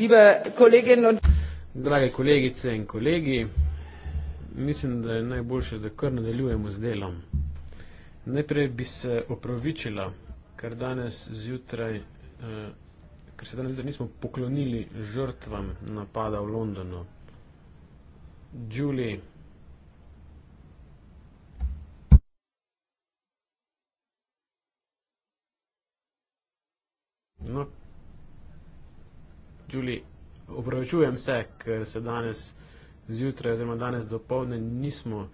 liebe Kolleginnen und Drage kolegice in kolegi, mislim, da je najboljše, da kar nadaljujemo z delom. Najprej bi se opravičila, ker danes zjutraj, eh, ker se danes zjutraj nismo poklonili žrtvam napada v Londonu. Julie. No, Julie, opravičujem se, ker se danes zjutraj, oziroma danes dopoledne, nismo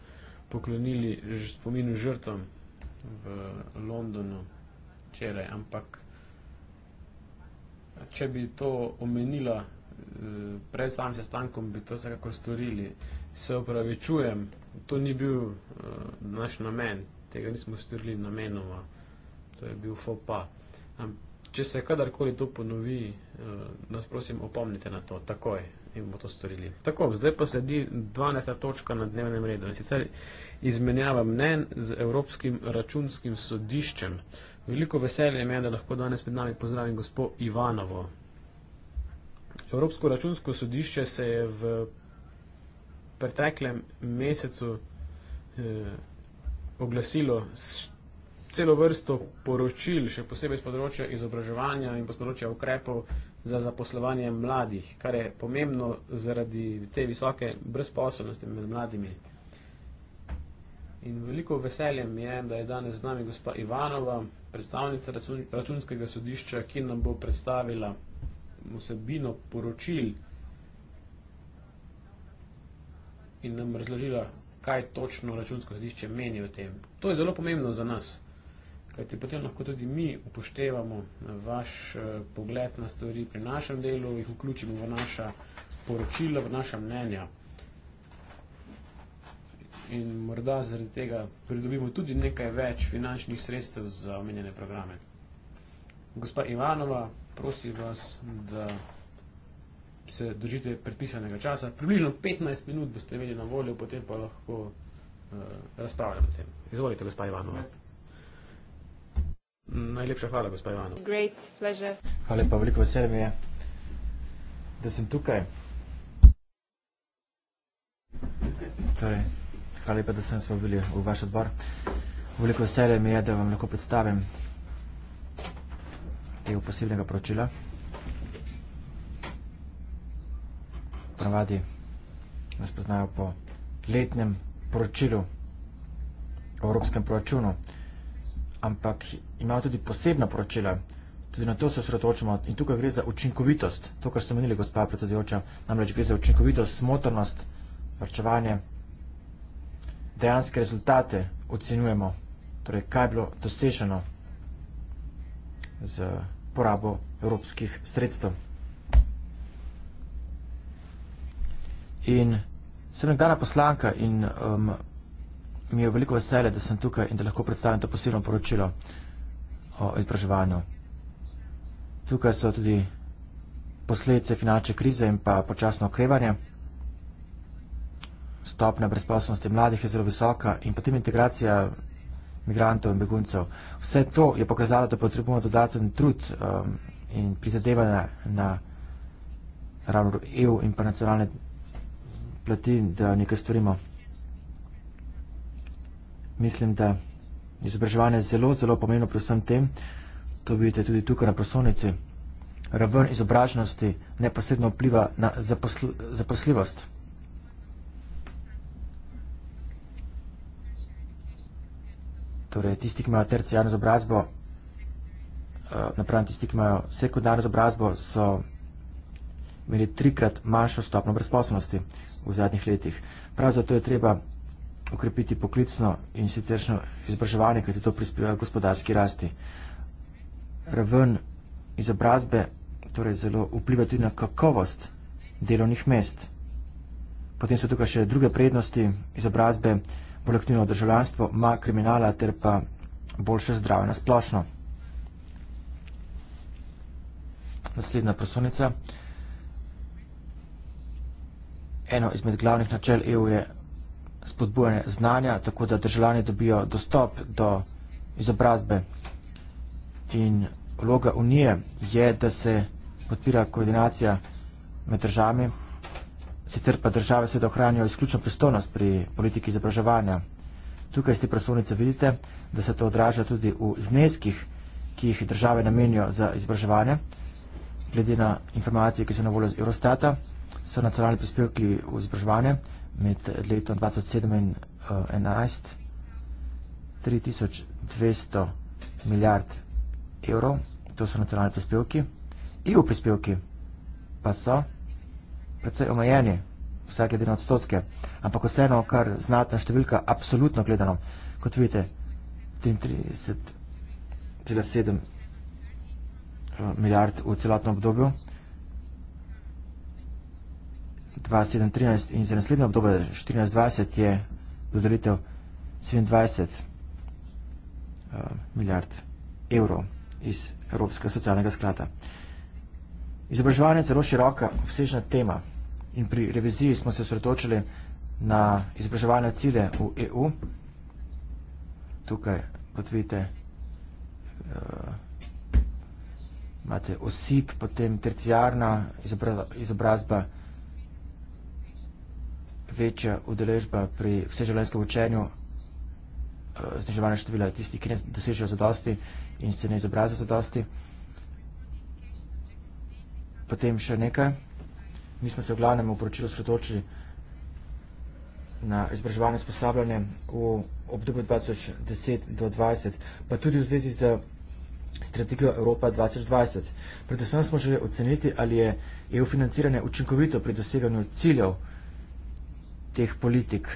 poklonili spominu žrtvam v Londonu včeraj, ampak eh, če bi to omenila eh, pred samim sestankom, bi to vsekakor storili. Se opravičujem, to ni bil eh, naš namen, tega nismo storili namenoma, to je bil fopa. Ampak Če se kadarkoli to ponovi, eh, nas prosim opomnite na to takoj in bomo to storili. Tako, zdaj pa sledi 12. točka na dnevnem redu. Sicer izmenjava mnen z Evropskim računskim sodiščem. Veliko veselje me je, da lahko danes med nami pozdravim gospod Ivanovo. Evropsko računsko sodišče se je v preteklem mesecu eh, oglasilo s celo vrsto poročil, še posebej z področja izobraževanja in z področja ukrepov za zaposlovanje mladih, kar je pomembno zaradi te visoke brezposobnosti med mladimi. In veliko veseljem je, da je danes z nami gospa Ivanova, predstavnica račun računskega sodišča, ki nam bo predstavila vsebino poročil in nam razložila, kaj točno računsko sodišče meni o tem. To je zelo pomembno za nas. Kajti potem lahko tudi mi upoštevamo eh, vaš eh, pogled na stvari pri našem delu, jih vključimo v naša poročila, v naša mnenja. In morda zaradi tega pridobimo tudi nekaj več finančnih sredstev za omenjene programe. Gospa Ivanova, prosim vas, da se držite predpisanega časa. Približno 15 minut boste imeli na voljo, potem pa lahko uh, eh, razpravljam o tem. Izvolite, gospa Ivanova. Yes. Najlepša hvala, gospod Ivano. Great pleasure. Hvala lepa, veliko veselje mi je, da sem tukaj. Torej, hvala lepa, da sem se vabili v vaš odbor. Veliko veselje mi je, da vam lahko predstavim tega posebnega poročila. Ponavadi nas poznajo po letnem poročilu o evropskem proračunu, ampak imajo tudi posebna poročila. Tudi na to se osredotočamo in tukaj gre za učinkovitost. To, kar ste menili, gospa predsedujoča, namreč gre za učinkovitost, smotornost, vrčevanje. Dejanske rezultate ocenjujemo, torej kaj je bilo dosešeno z porabo evropskih sredstev. In sem nekdana poslanka in um, mi je veliko vesele, da sem tukaj in da lahko predstavim to posebno poročilo o izobraževanju. Tukaj so tudi posledice finančne krize in pa počasno okrevanje. Stopna brezposobnosti mladih je zelo visoka in potem integracija migrantov in beguncev. Vse to je pokazalo, da potrebujemo dodaten trud um, in prizadevanje na ravno EU in pa nacionalne plati, da nekaj storimo. Mislim, da Izobraževanje je zelo, zelo pomembno pri vsem tem. To vidite tudi tukaj na prosovnici. Raven izobraženosti neposredno vpliva na zaposl zaposljivost. Torej, tisti, ki imajo tercijarno izobrazbo, eh, napravim tisti, ki imajo sekundarno izobrazbo, so imeli trikrat manjšo stopno brezposobnosti v zadnjih letih. Prav zato je treba okrepiti poklicno in siceršno izobraževanje, kajti to prispeva gospodarski rasti. Raven izobrazbe torej zelo vpliva tudi na kakovost delovnih mest. Potem so tukaj še druge prednosti izobrazbe, bolj aktivno državljanstvo, ma kriminala ter pa boljše zdrave na splošno. Naslednja prosonica. Eno izmed glavnih načel EU je spodbujanje znanja, tako da državljani dobijo dostop do izobrazbe. In vloga Unije je, da se podpira koordinacija med državami, sicer pa države seveda ohranijo izključno pristojnost pri politiki izobraževanja. Tukaj iz te prosovnice vidite, da se to odraža tudi v zneskih, ki jih države namenijo za izobraževanje. Glede na informacije, ki so na voljo z Eurostata, so nacionalni prispevki v izobraževanje med letom 27 in 11 3200 milijard evrov, to so nacionalni prispevki. EU prispevki pa so predvsej omejeni, vsake delne odstotke, ampak vseeno, kar znata številka, absolutno gledano, kot vidite, 33,7 eh, milijard v celotnem obdobju. 2.7.13 in za naslednje obdobje 14.20 je dodelitev 27 eh, milijard evrov iz Evropskega socialnega sklata. Izobraževanje je zelo široka, obsežna tema in pri reviziji smo se sredočili na izobraževanje cilje v EU. Tukaj, kot vidite, eh, imate osip, potem tercijarna izobrazba izobrazba večja udeležba pri vseživljenjskem učenju, eh, zniževanje števila tistih, ki ne dosežejo zadosti in se ne izobrazijo zadosti. Potem še nekaj. Mi smo se v glavnem v poročilu sredočili na izobraževanje sposabljanje v obdobju 2010 do 2020, pa tudi v zvezi z strategijo Evropa 2020. Predvsem smo želeli oceniti, ali je EU financiranje učinkovito pri doseganju ciljev teh politik.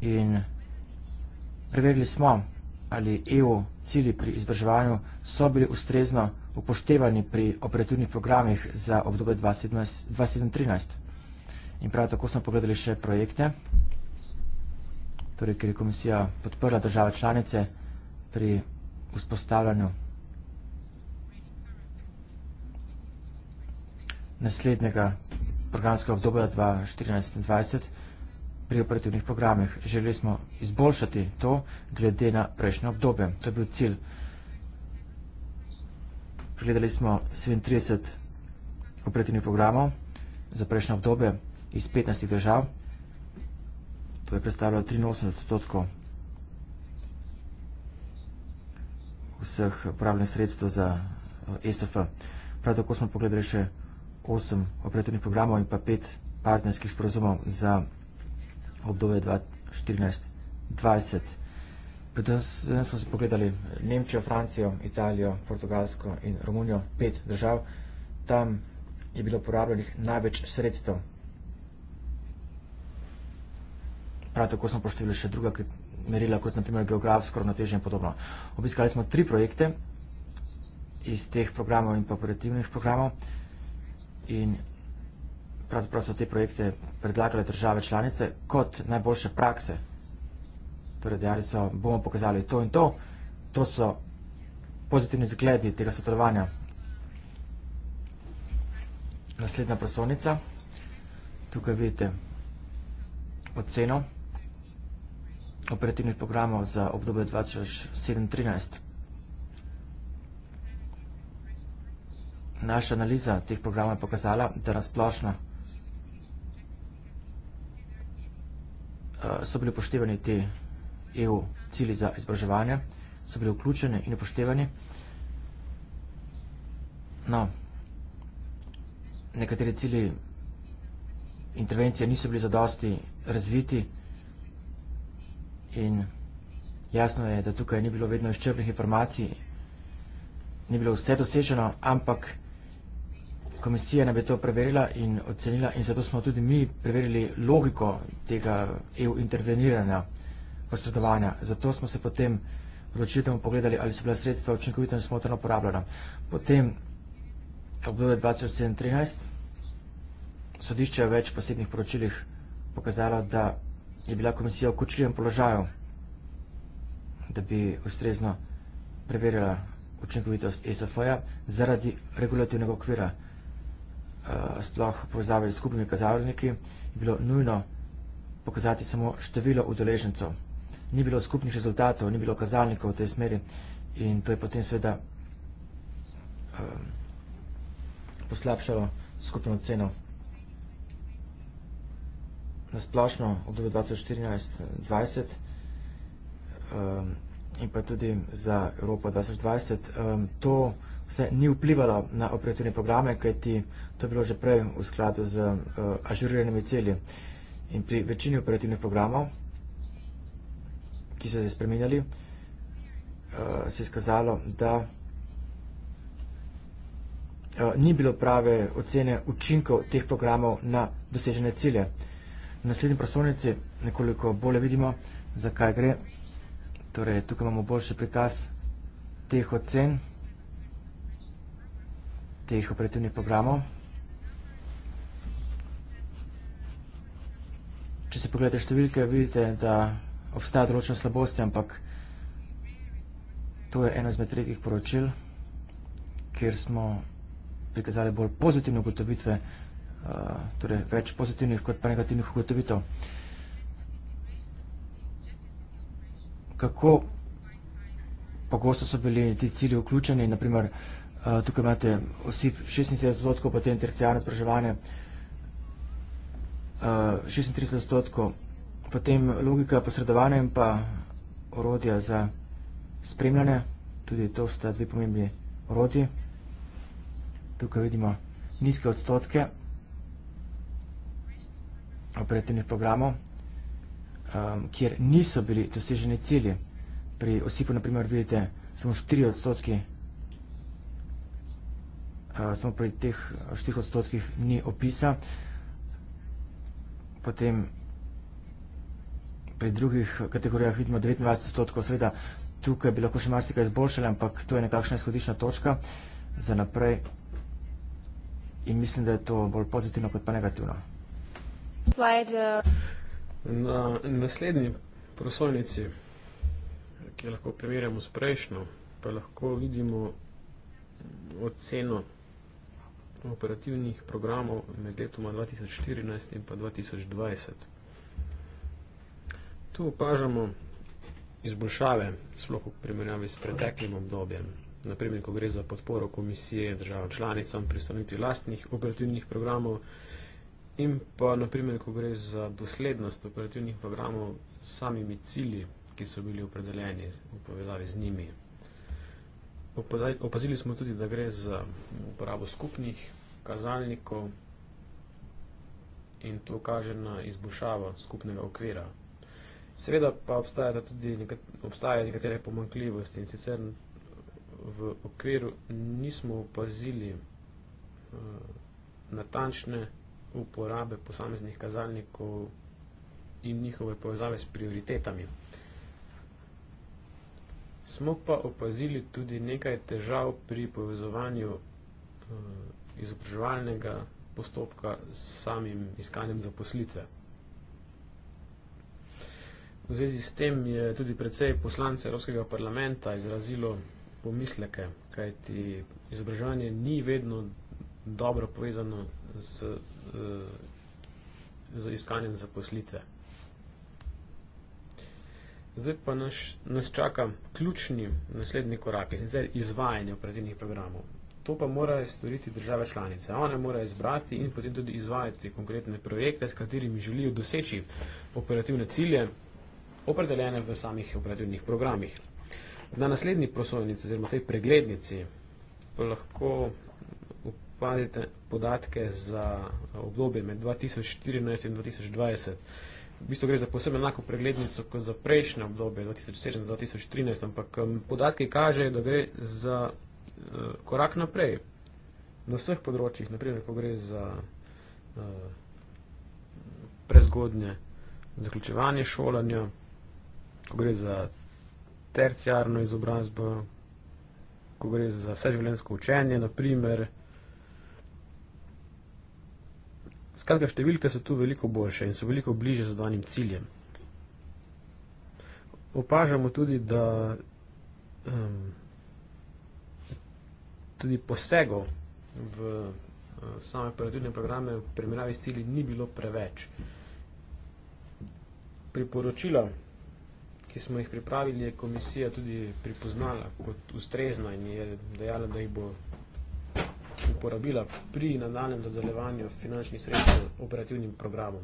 In preverili smo, ali EU cilji pri izbrževanju so bili ustrezno upoštevani pri operativnih programih za obdobje 2013. In prav tako smo pogledali še projekte, torej, ker je komisija podprla države članice pri vzpostavljanju naslednjega programska obdobja 2014-2020 pri operativnih programih. Želeli smo izboljšati to glede na prejšnje obdobje. To je bil cilj. Pregledali smo 37 operativnih programov za prejšnje obdobje iz 15 držav. To je predstavljalo 83 odstotkov vseh upravljenih sredstv za ESF. Eh, e Prav tako smo pogledali še osem operativnih programov in pa pet partnerskih sporozumov za obdobje 2014-2020. Predvsem smo se pogledali Nemčijo, Francijo, Italijo, Portugalsko in Romunijo, pet držav. Tam je bilo porabljenih največ sredstev. Prav tako smo poštevili še druga merila, kot naprimer geografsko, ravnotežje in podobno. Obiskali smo tri projekte iz teh programov in pa operativnih programov in pravzaprav so te projekte predlagale države članice kot najboljše prakse. Torej, dejali so, bomo pokazali to in to, to so pozitivni zgledi tega sodelovanja. Naslednja prosovnica, tukaj vidite oceno operativnih programov za obdobje 2007-2013. naša analiza teh programov je pokazala, da nasplošno uh, eh, so bili upoštevani ti EU cilji za izobraževanje, so bili vključeni in upoštevani. No, nekateri cilji intervencije niso bili zadosti razviti in jasno je, da tukaj ni bilo vedno izčrpnih informacij, ni bilo vse doseženo, ampak komisija nam je to preverila in ocenila in zato smo tudi mi preverili logiko tega EU interveniranja, posredovanja. Zato smo se potem odločili, da bomo pogledali, ali so bila sredstva učinkovito in smotrno uporabljena. Potem obdobje 2007-2013 sodišče v več posebnih poročilih pokazalo, da je bila komisija v kočljivem položaju, da bi ustrezno preverila učinkovitost ESF-ja zaradi regulativnega okvira. Eh, sploh v povezavi z skupnimi kazalniki, je bilo nujno pokazati samo število udeležencev. Ni bilo skupnih rezultatov, ni bilo kazalnikov v tej smeri in to je potem seveda eh, poslabšalo skupno ceno. Na splošno obdobje 2014-2020 eh, in pa tudi za Evropo 2020 to vsega vse ni vplivalo na operativne programe, kajti to je bilo že prej v skladu z uh, ažuriranimi celi. In pri večini operativnih programov, ki so se spremenjali, uh, eh, se je skazalo, da uh, ni bilo prave ocene učinkov teh programov na dosežene cilje. V naslednji prostornici nekoliko bolje vidimo, zakaj gre. Torej, tukaj imamo boljši prikaz teh ocen teh operativnih programov. Če se pogledate številke, vidite, da obstaja določena slabost, ampak to je eno izmed redkih poročil, kjer smo prikazali bolj pozitivne ugotovitve, eh, torej več pozitivnih kot pa negativnih ugotovitev. Kako pogosto so bili ti cilji vključeni, naprimer, kako Eh, tukaj imate vsi 76 odstotkov, potem tercijarno spraževanje, uh, eh, 36 odstotkov, potem logika posredovanja in pa orodja za spremljanje, tudi to sta dve pomembni orodji. Tukaj vidimo nizke odstotke operativnih programov, um, kjer niso bili doseženi cilji. Pri osipu, naprimer, vidite, samo 4 odstotki Eh, samo pri teh eh, štih odstotkih ni opisa. Potem pri drugih eh, kategorijah vidimo 29 odstotkov, seveda tukaj bi lahko še marsikaj izboljšali, ampak to je nekakšna izhodišna točka za naprej in mislim, da je to bolj pozitivno kot pa negativno. Na naslednji prosojnici, ki jo lahko primerjamo s prejšnjo, pa lahko vidimo oceno operativnih programov med letoma 2014 in pa 2020. Tu opažamo izboljšave, sploh v primerjavi s preteklim obdobjem. Naprimer, ko gre za podporo komisije državam članicam pri stranitvi lastnih operativnih programov in pa naprimer, ko gre za doslednost operativnih programov samimi cilji, ki so bili opredeljeni v povezavi z njimi. Opazili smo tudi, da gre za uporabo skupnih kazalnikov in to kaže na izboljšavo skupnega okvira. Seveda pa obstajajo tudi obstaja nekatere pomankljivosti in sicer v okviru nismo opazili eh, natančne uporabe posameznih kazalnikov in njihove povezave s prioritetami. Smo pa opazili tudi nekaj težav pri povezovanju uh, izobraževalnega postopka s samim iskanjem zaposlitve. V zvezi s tem je tudi precej poslance Evropskega parlamenta izrazilo pomisleke, kajti izobraževanje ni vedno dobro povezano z, z, eh, z iskanjem zaposlitve. Zdaj pa naš, nas čaka ključni naslednji korak, zdaj izvajanje operativnih programov. To pa morajo storiti države članice. One morajo izbrati in potem tudi izvajati konkretne projekte, s katerimi želijo doseči operativne cilje, opredeljene v samih operativnih programih. Na naslednji prosojnici, oziroma tej preglednici, pa lahko upadite podatke za obdobje med 2014 in 2020 v bistvu gre za posebno enako preglednico kot za prejšnje obdobje 2007-2013, ampak um, podatki kažejo, da gre za uh, korak naprej na vseh področjih, naprimer, ko gre za uh, prezgodnje zaključevanje šolanja, ko gre za terciarno izobrazbo, ko gre za vseživljenjsko učenje, naprimer. Skratka, številke so tu veliko boljše in so veliko bliže zadanim ciljem. Opažamo tudi, da um, tudi posegov v uh, same operativne programe v primerjavi s cilji ni bilo preveč. Priporočila, ki smo jih pripravili, je komisija tudi pripoznala kot ustrezna in je dejala, da jih bo uporabila pri nadaljem dodeljevanju finančnih sredstev operativnim programom.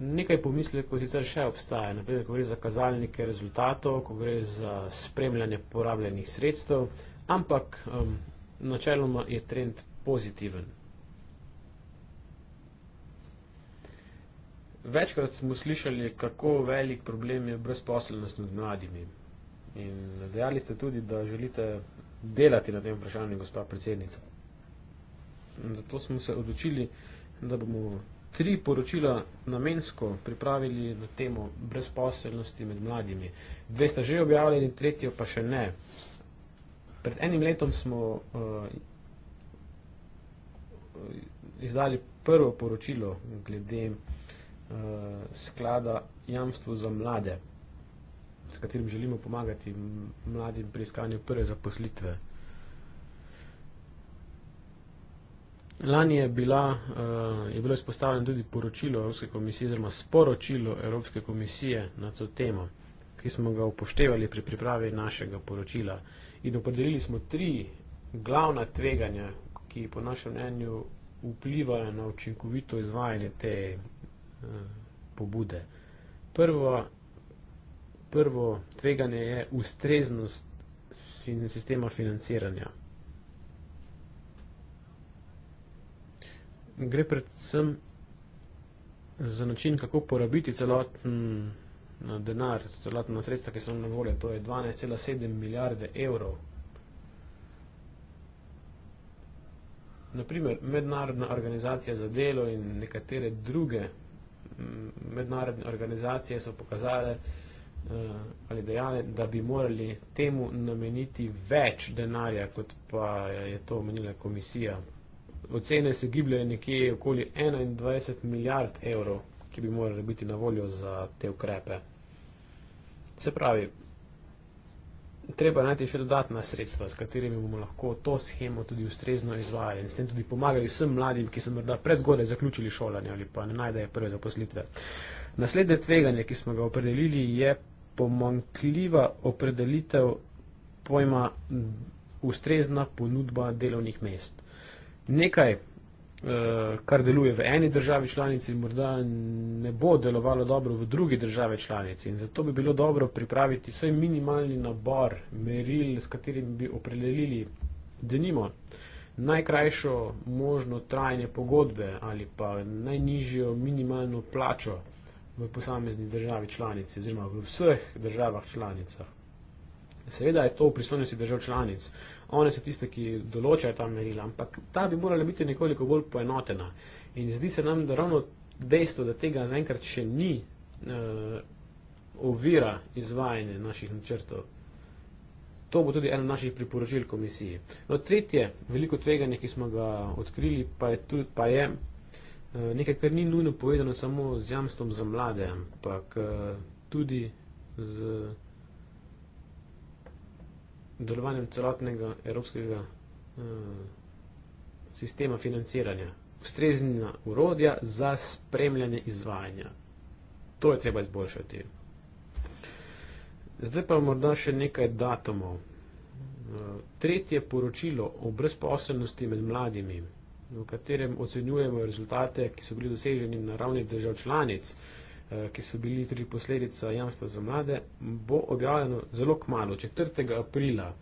Nekaj pomislekov sicer še obstaja, naprimer, ko gre za kazalnike rezultatov, ko gre za spremljanje porabljenih sredstev, ampak um, načeloma je trend pozitiven. Večkrat smo slišali, kako velik problem je brezposelnost med mladimi. In dejali ste tudi, da želite delati na tem vprašanju, gospod predsednica. In zato smo se odločili, da bomo tri poročila namensko pripravili na temo brezposelnosti med mladimi. Dve sta že objavljeni, tretjo pa še ne. Pred enim letom smo uh, izdali prvo poročilo glede uh, sklada Jamstvo za mlade s katerim želimo pomagati mladim pri iskanju prve zaposlitve. Lani je, bila, eh, je bilo izpostavljeno tudi poročilo Evropske komisije, oziroma sporočilo Evropske komisije na to temo, ki smo ga upoštevali pri pripravi našega poročila. In opredelili smo tri glavna tveganja, ki po našem mnenju vplivajo na učinkovito izvajanje te eh, pobude. Prvo prvo tveganje je ustreznost sistema financiranja. Gre predvsem za način, kako porabiti celoten no, denar, celotno sredstva, ki so na voljo, to je 12,7 milijarde evrov. Naprimer, Mednarodna organizacija za delo in nekatere druge mednarodne organizacije so pokazale, da Eh, ali dejali, da bi morali temu nameniti več denarja, kot pa je to omenila komisija. Ocene se gibljajo nekje okoli 21 milijard evrov, ki bi morali biti na voljo za te ukrepe. Se pravi, treba najti še dodatna sredstva, s katerimi bomo lahko to schemo tudi ustrezno izvajali in s tem tudi pomagali vsem mladim, ki so morda predzgodaj zaključili šolanje ali pa ne najdejo prve zaposlitve. Naslednje tveganje, ki smo ga opredelili, je pomankljiva opredelitev pojma ustrezna ponudba delovnih mest. Nekaj, eh, kar deluje v eni državi članici, morda ne bo delovalo dobro v drugi državi članici. In zato bi bilo dobro pripraviti vsaj minimalni nabor meril, s katerimi bi opredelili, da nimo, najkrajšo možno trajanje pogodbe ali pa najnižjo minimalno plačo v posamezni državi članici oziroma v vseh državah članicah. Seveda je to v pristojnosti držav članic, one so tiste, ki določajo ta merila, ampak ta bi morala biti nekoliko bolj poenotena. In zdi se nam, da ravno dejstvo, da tega zaenkrat še ni, eh, ovira izvajanje naših načrtov. To bo tudi eno naših priporočil komisiji. No, tretje veliko tveganje, ki smo ga odkrili, pa je, tudi, pa je Eh, nekaj, kar ni nujno povedano samo z jamstvom za mlade, ampak eh, tudi z delovanjem celotnega evropskega eh, sistema financiranja. Ustrezna urodja za spremljanje izvajanja. To je treba izboljšati. Zdaj pa morda še nekaj datumov. Tretje poročilo o brezposelnosti med mladimi v katerem ocenjujemo rezultate, ki so bili doseženi na ravni držav članic, eh, ki so bili tudi posledica jamstva za mlade, bo objavljeno zelo kmalo, 4. aprila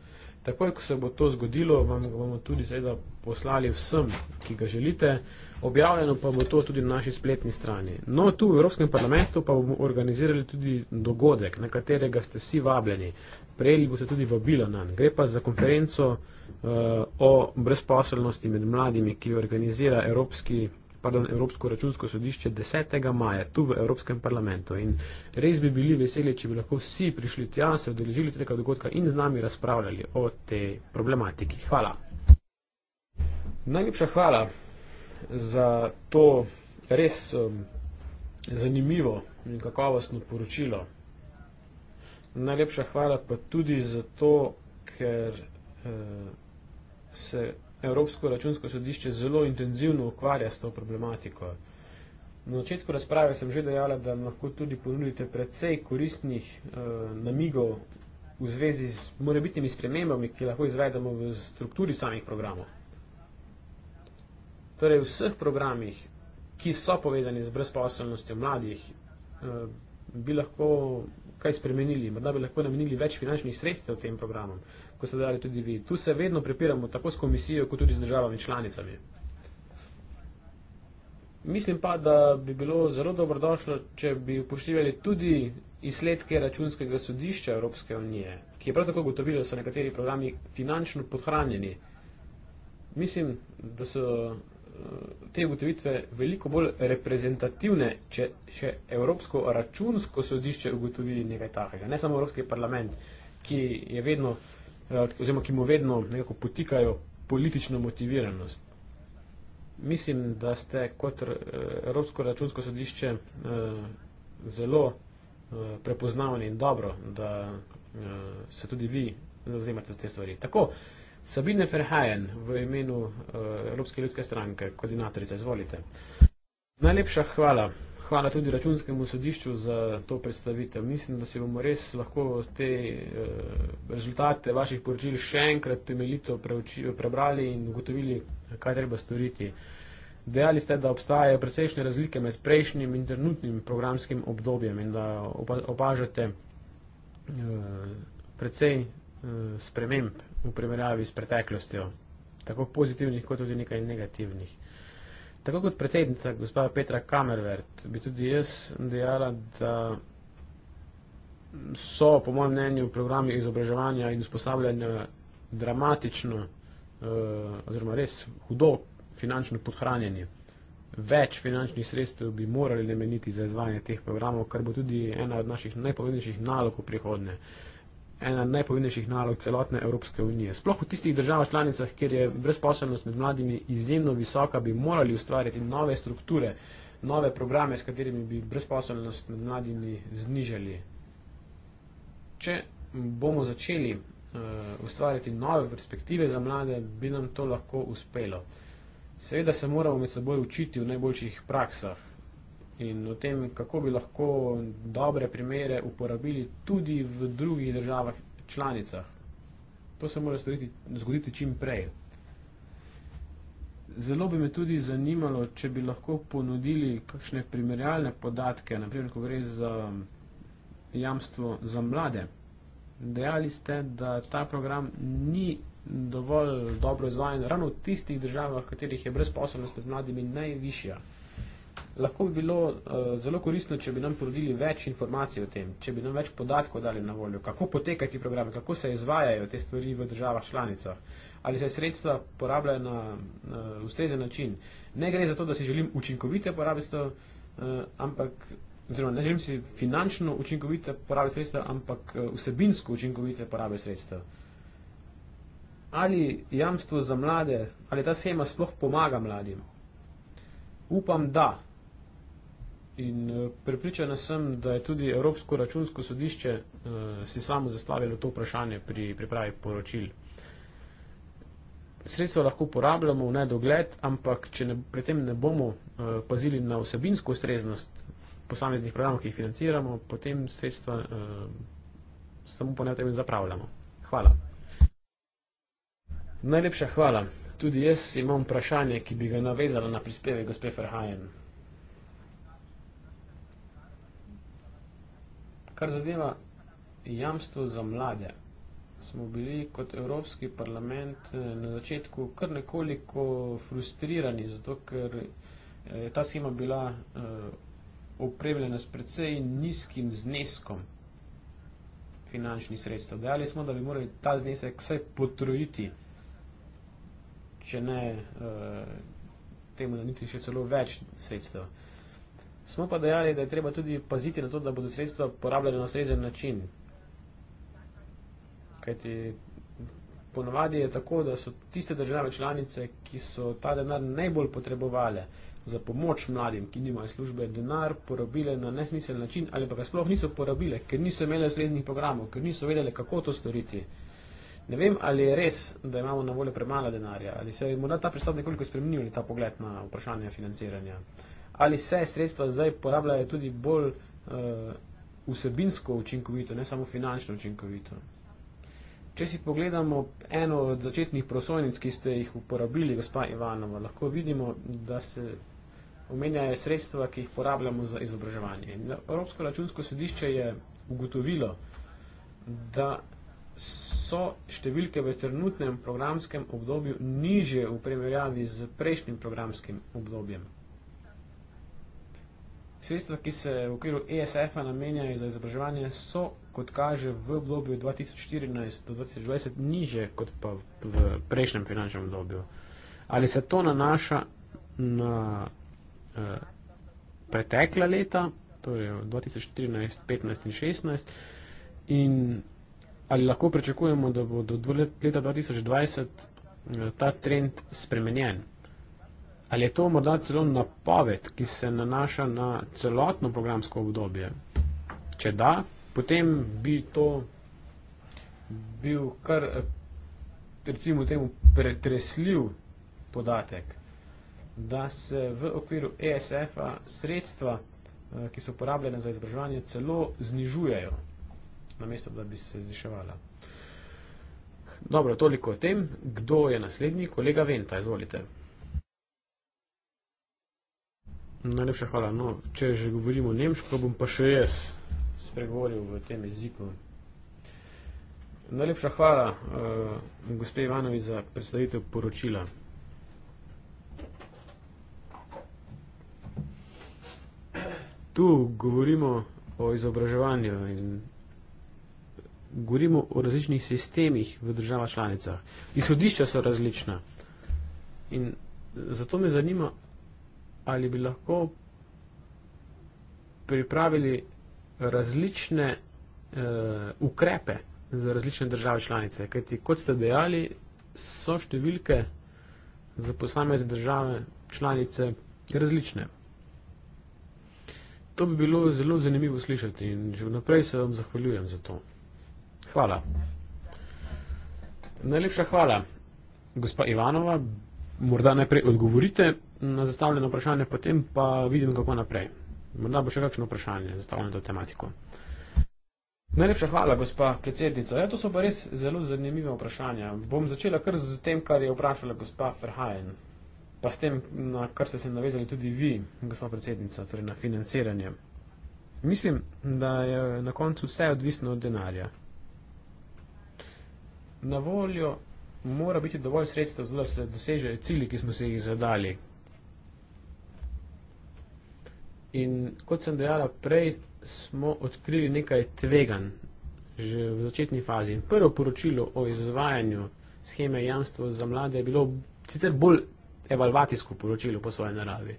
Takoj, ko se bo to zgodilo, vam ga bomo tudi seveda poslali vsem, ki ga želite. Objavljeno pa bo to tudi na naši spletni strani. No, tu v Evropskem parlamentu pa bomo organizirali tudi dogodek, na katerega ste vsi vabljeni. Prejeli boste tudi vabilo na njega. Gre pa za konferenco uh, o brezposelnosti med mladimi, ki jo organizira Evropski pardon, Evropsko računsko sodišče 10. maja tu v Evropskem parlamentu. In res bi bili veseli, če bi lahko vsi prišli tja, se odeležili tega dogodka in z nami razpravljali o tej problematiki. Hvala. Najlepša hvala za to res um, zanimivo in kakovostno poročilo. Najlepša hvala pa tudi za to, ker uh, se Evropsko računsko sodišče zelo intenzivno ukvarja s to problematiko. Na začetku razprave sem že dejala, da lahko tudi ponudite precej koristnih eh, namigov v zvezi z morebitnimi spremembami, ki lahko izvedemo v strukturi samih programov. Torej, v vseh programih, ki so povezani z brezposobnostjo mladih, eh, bi lahko kaj spremenili, morda bi lahko namenili več finančnih sredstev tem programom, kot ste dali tudi vi. Tu se vedno prepiramo tako s komisijo, kot tudi z državami članicami. Mislim pa, da bi bilo zelo dobrodošlo, če bi upoštevali tudi izsledke računskega sodišča Evropske unije, ki je prav tako gotovilo, da so nekateri programi finančno podhranjeni. Mislim, da so eh, te ugotovitve veliko bolj reprezentativne, če še Evropsko računsko sodišče ugotovi nekaj takega, ne samo Evropski parlament, ki je vedno Eh, oziroma ki mu vedno nekako potikajo politično motiviranost. Mislim, da ste kot eh, Evropsko računsko sodišče eh, zelo prepoznavni in dobro, da se tudi vi zauzemate za te stvari. Tako, Sabine Ferhajen v imenu Evropske ljudske stranke, koordinatorica, izvolite. Najlepša hvala hvala tudi računskemu sodišču za to predstavitev. Mislim, da si bomo res lahko te eh, rezultate vaših poročil še enkrat temeljito prebrali in ugotovili, kaj treba storiti. Dejali ste, da obstajajo precejšnje razlike med prejšnjim in trenutnim programskim obdobjem in da opažate eh, precej eh, sprememb v primerjavi s preteklostjo, tako pozitivnih kot tudi nekaj negativnih. Tako kot predsednica, gospa Petra Kamervert, bi tudi jaz dejala, da so, po mojem mnenju, programi izobraževanja in usposabljanja dramatično, eh, oziroma res hudo finančno podhranjeni. Več finančnih sredstev bi morali nameniti za izvajanje teh programov, kar bo tudi ena od naših najpomembnejših nalog v prihodnje. Uh, ena najpomembnejših nalog celotne Evropske unije. Sploh v tistih državah članicah, kjer je brezposobnost med mladimi izjemno visoka, bi morali ustvariti nove strukture, nove programe, s katerimi bi brezposobnost med mladimi znižali. Če bomo začeli uh, ustvarjati nove perspektive za mlade, bi nam to lahko uspelo. Seveda se moramo med seboj učiti v najboljših praksah, in o tem, kako bi lahko dobre primere uporabili tudi v drugih državah članicah. To se mora storiti, zgoditi čim prej. Zelo bi me tudi zanimalo, če bi lahko ponudili kakšne primerjalne podatke, naprimer, ko gre za jamstvo za mlade. Dejali ste, da ta program ni dovolj dobro izvajan ravno v tistih državah, v katerih je brezposobnost med mladimi najvišja lahko bi bilo uh, zelo koristno, če bi nam ponudili več informacij o tem, če bi nam več podatkov dali na voljo, kako potekajo ti programe, kako se izvajajo te stvari v državah članicah, ali se sredstva porabljajo na uh, ustrezen način. Ne gre za to, da si želim učinkovite porabe sredstva, uh, eh, ampak oziroma ne želim si finančno učinkovite porabe sredstva, ampak uh, vsebinsko učinkovite porabe sredstva. Ali jamstvo za mlade, ali ta schema sploh pomaga mladim? Upam, da. In eh, pripričana sem, da je tudi Evropsko računsko sodišče eh, si samo zastavilo to vprašanje pri pripravi poročil. Sredstvo lahko uporabljamo v nedogled, ampak če ne, pri tem ne bomo eh, pazili na vsebinsko ustreznost posameznih programov, ki jih financiramo, potem sredstva samo po nepotrebnem zapravljamo. Hvala. Najlepša hvala. Tudi jaz imam vprašanje, ki bi ga navezala na prispevek gospe Ferhajen. Kar zadeva jamstvo za mlade, smo bili kot Evropski parlament eh, na začetku kar nekoliko frustrirani, zato ker je eh, ta schema bila eh, opremljena s precej nizkim zneskom finančnih sredstev. Dejali smo, da bi morali ta znesek vsaj potrojiti, če ne temu, da niti še celo več sredstev. Smo pa dejali, da je treba tudi paziti na to, da bodo sredstva porabljena na ustrezen način. Kajti ponovadi je tako, da so tiste države članice, ki so ta denar najbolj potrebovali za pomoč mladim, ki nimajo službe, denar porabile na nesmisel način ali pa ga sploh niso porabile, ker niso imele ustreznih programov, ker niso vedele, kako to storiti. Ne vem, ali je res, da imamo na voljo premala denarja, ali se je morda ta pristop nekoliko spremenil, ta pogled na vprašanje financiranja. Uh, ali se sredstva zdaj porabljajo tudi bolj uh, vsebinsko učinkovito, ne samo finančno učinkovito. Če si pogledamo eno od začetnih prosojnic, ki ste jih uporabili, gospa Ivanova, lahko vidimo, da se omenjajo sredstva, ki jih porabljamo za izobraževanje. Evropsko računsko sodišče je ugotovilo, da so številke v trenutnem programskem obdobju niže v primerjavi z prejšnjim programskim obdobjem. Sredstva, ki se v okviru ESF-a namenjajo za izobraževanje, so, kot kaže, v obdobju 2014 do 2020 niže kot pa v prejšnjem finančnem obdobju. Ali se to nanaša na uh, pretekla leta, torej 2014, 15 in 16, in ali lahko pričakujemo, da bo do leta 2020 uh, eh, ta trend spremenjen? Ali je to morda celo napoved, ki se nanaša na celotno programsko obdobje? Če da, potem bi to bil kar, recimo temu, pretresljiv podatek, da se v okviru ESF-a sredstva, eh, ki so uporabljene za izobraževanje, celo znižujejo, namesto da bi se zviševala. Dobro, toliko o tem. Kdo je naslednji? Kolega Venta, izvolite. Najlepša hvala. No, če že govorimo nemško, bom pa še jaz spregovoril v tem jeziku. Najlepša hvala, uh, gospe Ivanovi, za predstavitev poročila. Tu govorimo o izobraževanju in govorimo o različnih sistemih v državah članicah. Izhodišča so različna. In zato me zanima, ali bi lahko pripravili različne uh, ukrepe za različne države članice. Kajti, kot ste dejali, so številke za posamezne države članice različne. To bi bilo zelo zanimivo slišati in že vnaprej se vam zahvaljujem za to. Hvala. Najlepša hvala, gospa Ivanova morda najprej odgovorite na zastavljeno vprašanje, potem pa vidim, kako naprej. Morda bo še kakšno vprašanje zastavljeno to tematiko. Najlepša hvala, gospa predsednica. Ja, to so pa res zelo zanimive vprašanja. Bom začela kar z tem, kar je vprašala gospa Ferhajen, pa s tem, na kar ste se navezali tudi vi, gospa predsednica, torej na financiranje. Mislim, da je na koncu vse odvisno od denarja. Na voljo mora biti dovolj sredstev, da se dosežejo cilji, ki smo si jih zadali. In kot sem dejala prej, smo odkrili nekaj tvegan že v začetni fazi. In prvo poročilo o izvajanju scheme jamstvo za mlade je bilo sicer bolj evalvacijsko poročilo po svoje naravi.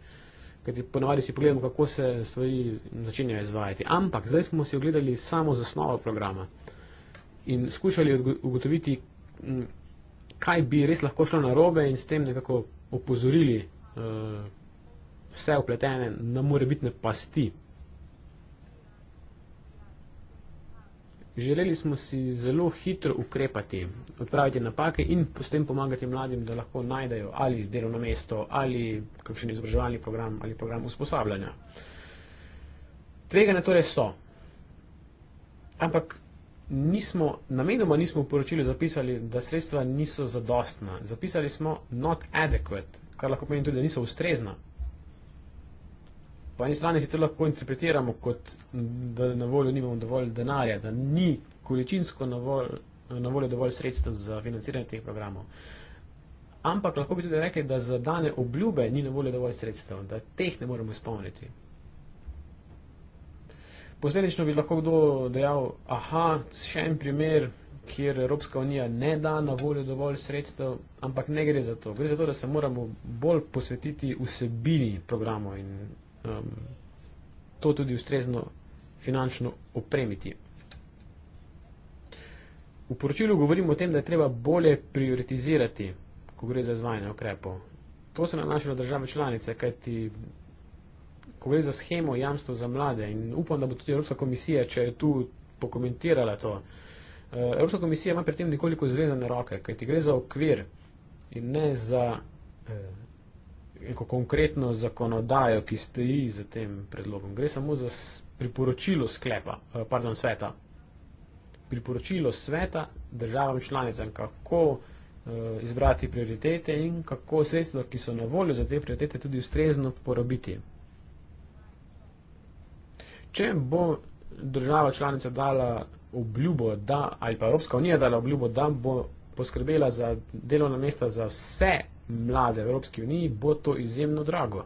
Ker ti ponovadi si pogledamo, kako se stvari začenjajo izvajati. Ampak zdaj smo si ogledali samo zasnovo programa in skušali ugotoviti, kaj bi res lahko šlo narobe in s tem nekako opozorili uh, vse upletene na morebitne pasti. Želeli smo si zelo hitro ukrepati, odpraviti napake in s tem pomagati mladim, da lahko najdejo ali delovno mesto, ali kakšen izobraževalni program, ali program usposabljanja. Tvegane torej so. Ampak nismo, namenoma nismo v poročilu zapisali, da sredstva niso zadostna. Zapisali smo not adequate, kar lahko pomeni tudi, da niso ustrezna. Po eni strani si to lahko interpretiramo kot, da na voljo nimamo dovolj denarja, da ni količinsko na voljo, na voljo dovolj sredstev za financiranje teh programov. Ampak lahko bi tudi rekli, da za dane obljube ni na voljo dovolj sredstev, da teh ne moremo izpolniti. Posledično bi lahko kdo dejal, aha, še en primer, kjer Evropska unija ne da na voljo dovolj sredstev, ampak ne gre za to. Gre za to, da se moramo bolj posvetiti vsebini programov in um, to tudi ustrezno finančno opremiti. V poročilu govorimo o tem, da je treba bolje prioritizirati, ko gre za izvajanje ukrepov. To se nanaša na države članice, kajti ko gre za schemo jamstva za mlade in upam, da bo tudi Evropska komisija, če je tu pokomentirala to. Eh, Evropska komisija ima pri tem nekoliko zvezane roke, kaj ti gre za okvir in ne za eh, neko konkretno zakonodajo, ki steji za tem predlogom. Gre samo za priporočilo sklepa, eh, pardon, sveta. Priporočilo sveta državam članicam, kako izbrati prioritete in kako sredstva, ki so na voljo za te prioritete, tudi ustrezno porabiti če bo država članica dala obljubo, da, ali pa Evropska unija dala obljubo, da bo poskrbela za delovna mesta za vse mlade v Evropski uniji, bo to izjemno drago.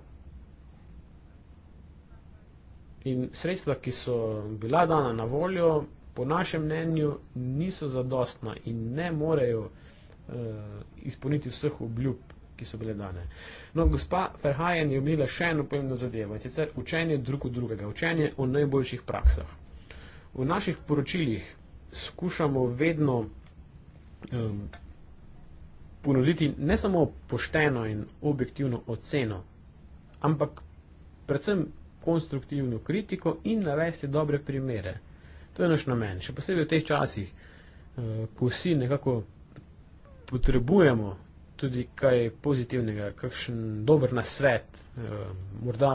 In sredstva, ki so bila dana na voljo, po našem mnenju niso zadostna in ne morejo uh, izpolniti vseh obljub, ki so bile dane. No, gospa Ferhajen je omenila še eno pomembno zadevo, sicer učenje drug od drugega, učenje o najboljših praksah. V naših poročilih skušamo vedno um, ponuditi ne samo pošteno in objektivno oceno, ampak predvsem konstruktivno kritiko in navesti dobre primere. To je naš namen, še posebej v teh časih, eh, ko vsi nekako potrebujemo tudi kaj pozitivnega, kakšen dober nasvet, eh, morda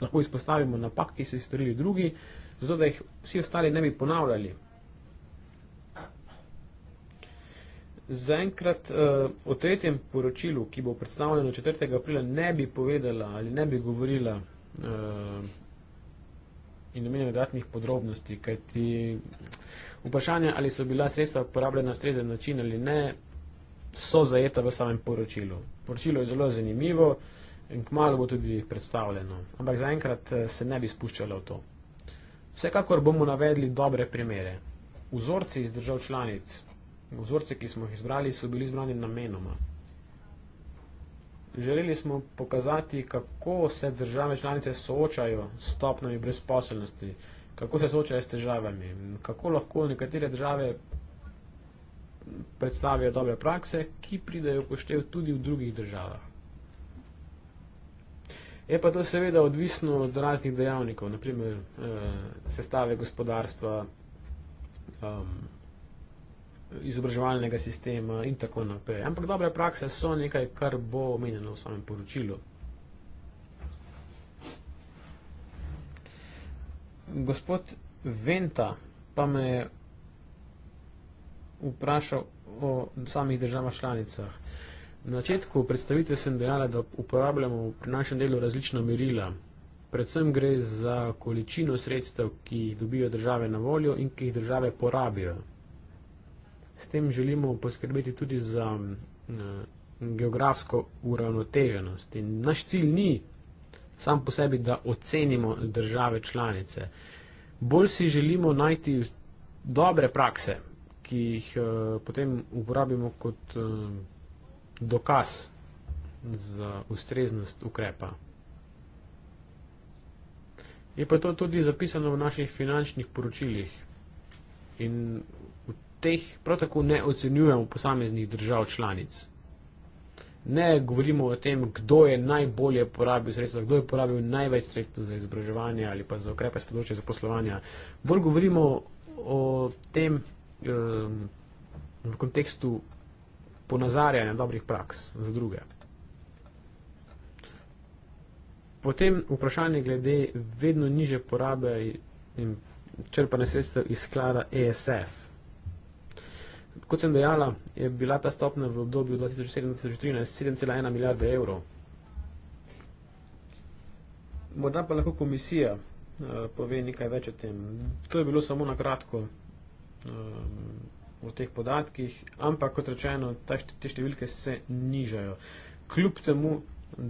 lahko izpostavimo napak, ki so jih storili drugi, zato da jih vsi ostali ne bi ponavljali. Zaenkrat eh, o tretjem poročilu, ki bo predstavljeno 4. aprila, ne bi povedala ali ne bi govorila eh, in domenjala datnih podrobnosti, kajti vprašanje, ali so bila sredstva uporabljena na strezen način ali ne, so zajeta v samem poročilu. Poročilo je zelo zanimivo in kmalo bo tudi predstavljeno, ampak zaenkrat eh, se ne bi spuščalo v to. Vsekakor bomo navedli dobre primere. Vzorci iz držav članic, vzorce, ki smo jih izbrali, so bili izbrani namenoma. Želeli smo pokazati, kako se države članice soočajo s stopnjami brezposelnosti, kako se soočajo s težavami, kako lahko nekatere države predstavijo dobre prakse, ki pridejo poštev tudi v drugih državah. Je pa to seveda odvisno od raznih dejavnikov, naprimer eh, sestave gospodarstva, um, izobraževalnega sistema in tako naprej. Ampak dobre prakse so nekaj, kar bo omenjeno v samem poročilu. Gospod Venta pa me je vprašal o samih državah članicah. Na začetku predstavite sem dejala, da uporabljamo pri našem delu različna merila. Predvsem gre za količino sredstev, ki jih dobijo države na voljo in ki jih države porabijo. S tem želimo poskrbeti tudi za geografsko uravnoteženost. In naš cilj ni sam po sebi, da ocenimo države članice. Bolj si želimo najti dobre prakse, ki jih eh, potem uporabimo kot eh, dokaz za ustreznost ukrepa. Je pa to tudi zapisano v naših finančnih poročilih in v teh prav tako ne ocenjujemo posameznih držav članic. Ne govorimo o tem, kdo je najbolje porabil sredstva, kdo je porabil največ sredstva za izobraževanje ali pa za okrepe s področja zaposlovanja. Bolj govorimo o tem, Ehm, v kontekstu ponazarjanja dobrih praks za druge. Potem vprašanje glede vedno niže porabe in črpane sredstev iz sklada ESF. Kot sem dejala, je bila ta stopna v obdobju 2007-2013 7,1 milijarde evrov. Morda pa lahko komisija eh, pove nekaj več o tem. To je bilo samo na kratko. Um, v teh podatkih, ampak kot rečeno, te številke se nižajo. Kljub temu,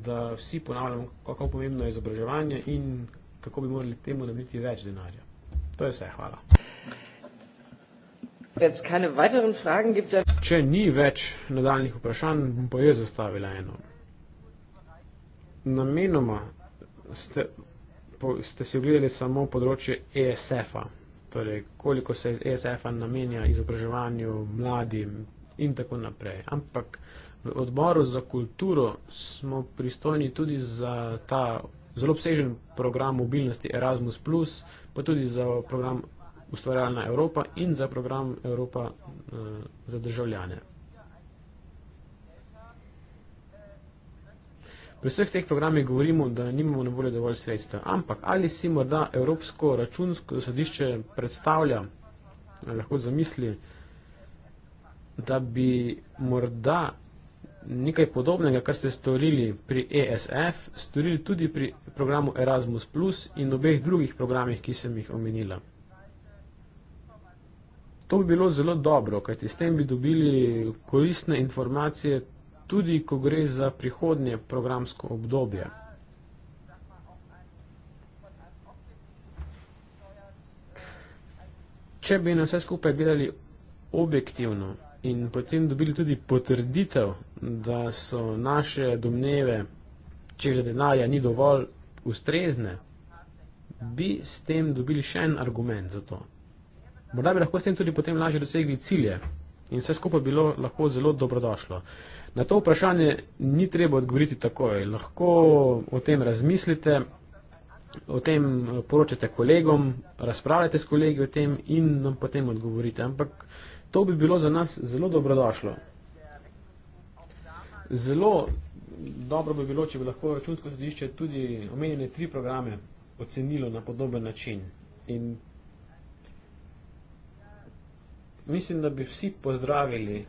da vsi ponavljamo, kako pomembno je izobraževanje in kako bi morali temu nameniti več denarja. To je vse, hvala. Če ni več nadaljnih vprašanj, bom pa jaz zastavila eno. Namenoma ste, ste si ogledali samo področje ESF-a torej koliko se ESF-a namenja izobraževanju mladim in tako naprej. Ampak v odboru za kulturo smo pristojni tudi za ta zelo obsežen program mobilnosti Erasmus, pa tudi za program Ustvarjalna Evropa in za program Evropa eh, za državljane. Pri vseh teh programih govorimo, da nimamo na voljo dovolj sredstev. Ampak ali si morda Evropsko računsko sodišče predstavlja, lahko zamisli, da bi morda nekaj podobnega, kar ste storili pri ESF, storili tudi pri programu Erasmus in obeh drugih programih, ki sem jih omenila. To bi bilo zelo dobro, kajti s tem bi dobili koristne informacije tudi ko gre za prihodnje programsko obdobje. Če bi na vse skupaj gledali objektivno in potem dobili tudi potrditev, da so naše domneve, če že denarja ni dovolj ustrezne, bi s tem dobili še en argument za to. Morda bi lahko s tem tudi potem lažje dosegli cilje in vse skupaj bilo lahko zelo dobrodošlo. Na to vprašanje ni treba odgovoriti takoj. Lahko o tem razmislite, o tem eh, poročate kolegom, razpravljate s kolegi o tem in nam potem odgovorite. Ampak to bi bilo za nas zelo dobrodošlo. Zelo dobro bi bilo, če bi lahko računsko sodišče tudi omenjene tri programe ocenilo na podoben način. In mislim, da bi vsi pozdravili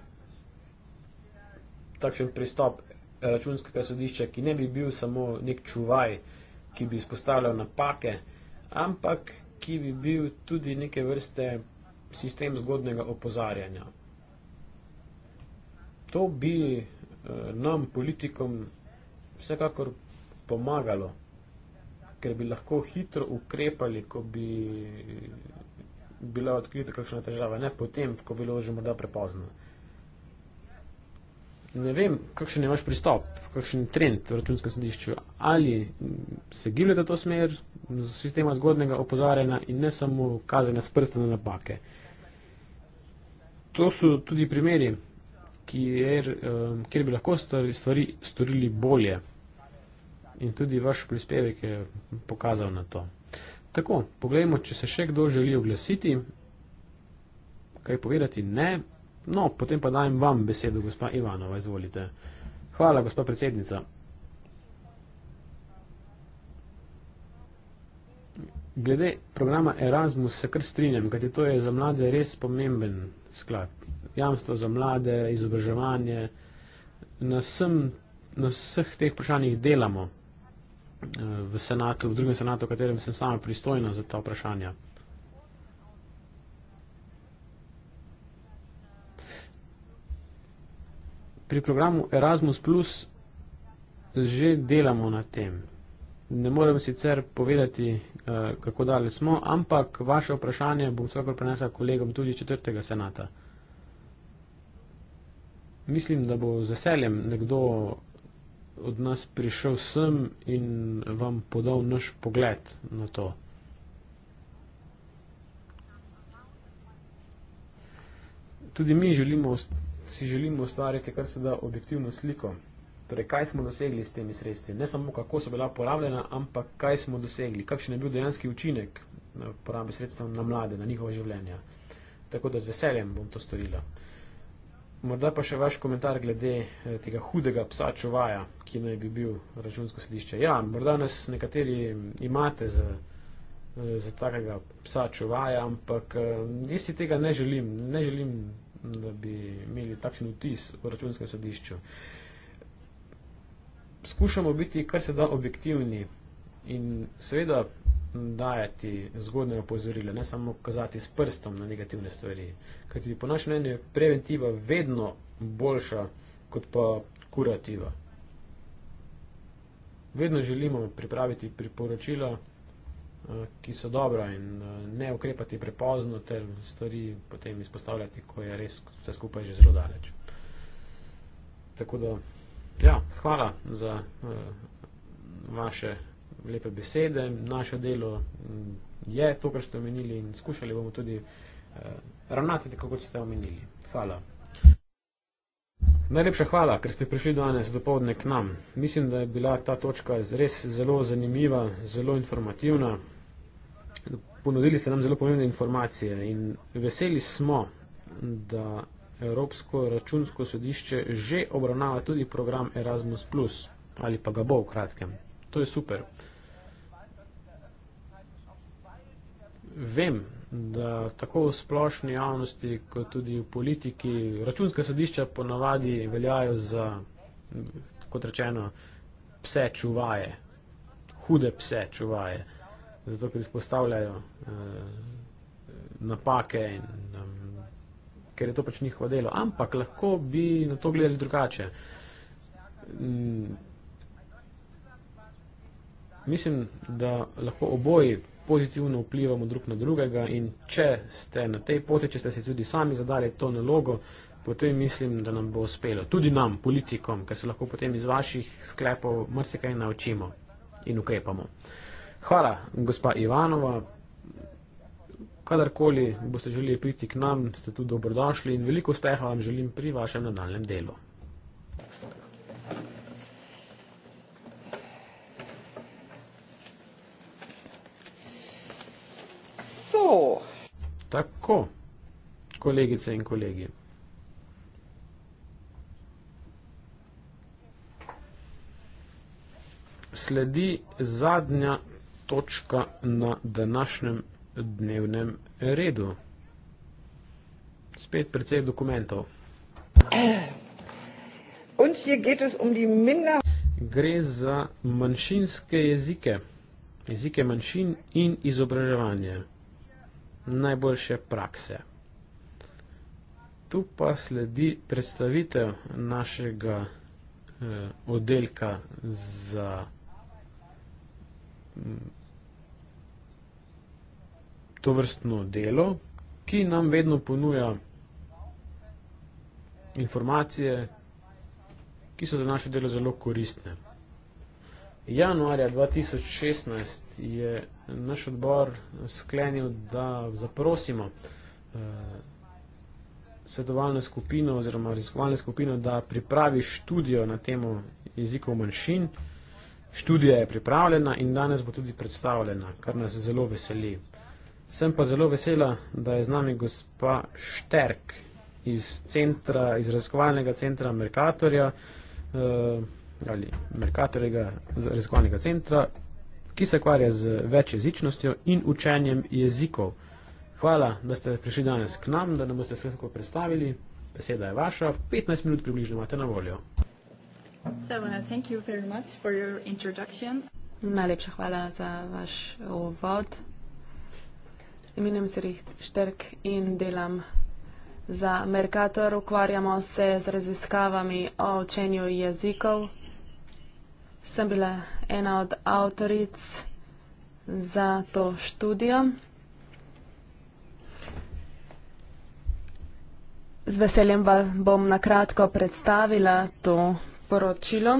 takšen pristop računskega sodišča, ki ne bi bil samo nek čuvaj, ki bi izpostavljal napake, ampak ki bi bil tudi neke vrste sistem zgodnega opozarjanja. To bi eh, nam, politikom, vsekakor pomagalo, ker bi lahko hitro ukrepali, ko bi bila odkrita kakšna težava, ne potem, ko bi bilo že morda prepozno ne vem, kakšen je vaš pristop, kakšen trend v računskem sodišču. Ali se gibljete v to smer, z sistema zgodnega opozarjanja in ne samo kazanja s prstom na napake. To so tudi primeri, kjer, ehm, kjer bi lahko stvari, stvari storili bolje. In tudi vaš prispevek je pokazal na to. Tako, poglejmo, če se še kdo želi oglasiti, kaj povedati, ne, No, potem pa dajem vam besedo, gospa Ivanova, izvolite. Hvala, gospa predsednica. Glede programa Erasmus se kar strinjam, kajti to je za mlade res pomemben sklad. Jamstvo za mlade, izobraževanje. Na, vsem, na vseh teh vprašanjih delamo eh, v senatu, v drugem senatu, v katerem sem sama pristojna za ta vprašanja. pri programu Erasmus Plus že delamo na tem. Ne morem sicer povedati, eh, kako dalje smo, ampak vaše vprašanje bom vsekakor prenesel kolegom tudi četrtega senata. Mislim, da bo z veseljem nekdo od nas prišel sem in vam podal naš pogled na to. Tudi mi želimo si želimo ustvariti kar se da objektivno sliko. Torej, kaj smo dosegli s temi sredstvi? Ne samo, kako so bila porabljena, ampak kaj smo dosegli, kakšen je bil dejanski učinek eh, porabe sredstev na mlade, na njihova življenja. Tako da z veseljem bom to storila. Morda pa še vaš komentar glede eh, tega hudega psa čuvaja, ki naj bi bil računsko sodišče. Ja, morda nas nekateri mm, imate za, eh, za takega psa čuvaja, ampak jaz si tega ne želim. Ne želim da bi imeli takšen vtis v računskem sodišču. Skušamo biti kar se da objektivni in seveda dajati zgodne opozorile, ne samo kazati s prstom na negativne stvari. Ker ti po našem mnenju je preventiva vedno boljša kot pa kurativa. Vedno želimo pripraviti priporočila ki so dobra in eh, ne ukrepati prepozno ter stvari potem izpostavljati, ko je res vse skupaj že zelo daleč. Tako da, ja, hvala za eh, vaše lepe besede. Naše delo mm, je to, kar ste omenili in skušali bomo tudi eh, ravnati, kako ste omenili. Hvala. Najlepša hvala, ker ste prišli danes do povdne k nam. Mislim, da je bila ta točka res zelo zanimiva, zelo informativna ponudili ste nam zelo pomembne informacije in veseli smo, da Evropsko računsko sodišče že obravnava tudi program Erasmus, ali pa ga bo v kratkem. To je super. Vem, da tako v splošni javnosti, kot tudi v politiki, računska sodišča ponavadi veljajo za, kot rečeno, pse čuvaje, hude pse čuvaje zato ker izpostavljajo eh, napake, in, ker je to pač njihovo delo. Ampak lahko bi na to gledali drugače. Mm, mislim, da lahko oboji pozitivno vplivamo drug na drugega in če ste na tej poti, če ste si tudi sami zadali to nalogo, potem mislim, da nam bo uspelo. Tudi nam, politikom, ker se lahko potem iz vaših sklepov marsikaj naučimo in ukrepamo. Hvala, gospa Ivanova. Kadarkoli boste želeli priti k nam, ste tudi dobrodošli in veliko uspeha vam želim pri vašem nadaljem delu. So. Tako, kolegice in kolegi. Sledi zadnja točka na današnjem dnevnem redu. Spet precej dokumentov. Um Gre za manjšinske jezike, jezike manjšin in izobraževanje, najboljše prakse. Tu pa sledi predstavitev našega eh, oddelka za to vrstno delo, ki nam vedno ponuja informacije, ki so za naše delo zelo koristne. Januarja 2016 je naš odbor sklenil, da zaprosimo eh, svetovalno skupino oziroma raziskovalno skupino, da pripravi študijo na temo jezikov manjšin. Študija je pripravljena in danes bo tudi predstavljena, kar nas zelo veseli. Sem pa zelo vesela, da je z nami gospa Šterk iz, centra, iz raziskovalnega centra Merkatorja eh, ali Merkatorjega raziskovalnega centra, ki se ukvarja z večjezičnostjo in učenjem jezikov. Hvala, da ste prišli danes k nam, da nam boste vse tako predstavili. Beseda je vaša, 15 minut približno imate na voljo. So, uh, Najlepša hvala za vaš uvod. Uh, imenujem se Richt Šterk in delam za Mercator. Ukvarjamo se z raziskavami o učenju jezikov. Sem bila ena od avtoric za to študijo. Z veseljem vam bom na kratko predstavila to poročilo.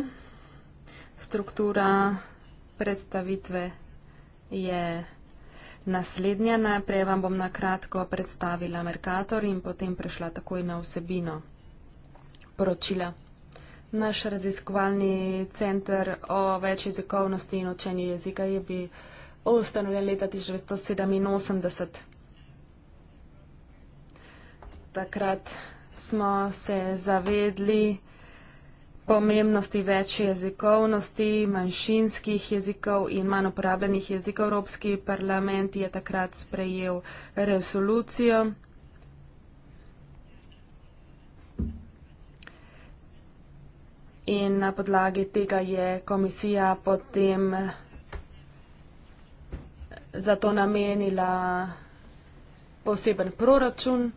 Struktura predstavitve je Naslednja najprej vam bom na kratko predstavila Merkator in potem prešla takoj na vsebino poročila. Naš raziskovalni center o večjezikovnosti in učenju jezika je bil ustanovljen leta 1987. Takrat smo se zavedli, da pomembnosti več jezikovnosti, manjšinskih jezikov in manj uporabljenih jezikov. Evropski parlament je takrat sprejel resolucijo. In na podlagi tega je komisija potem zato namenila poseben proračun.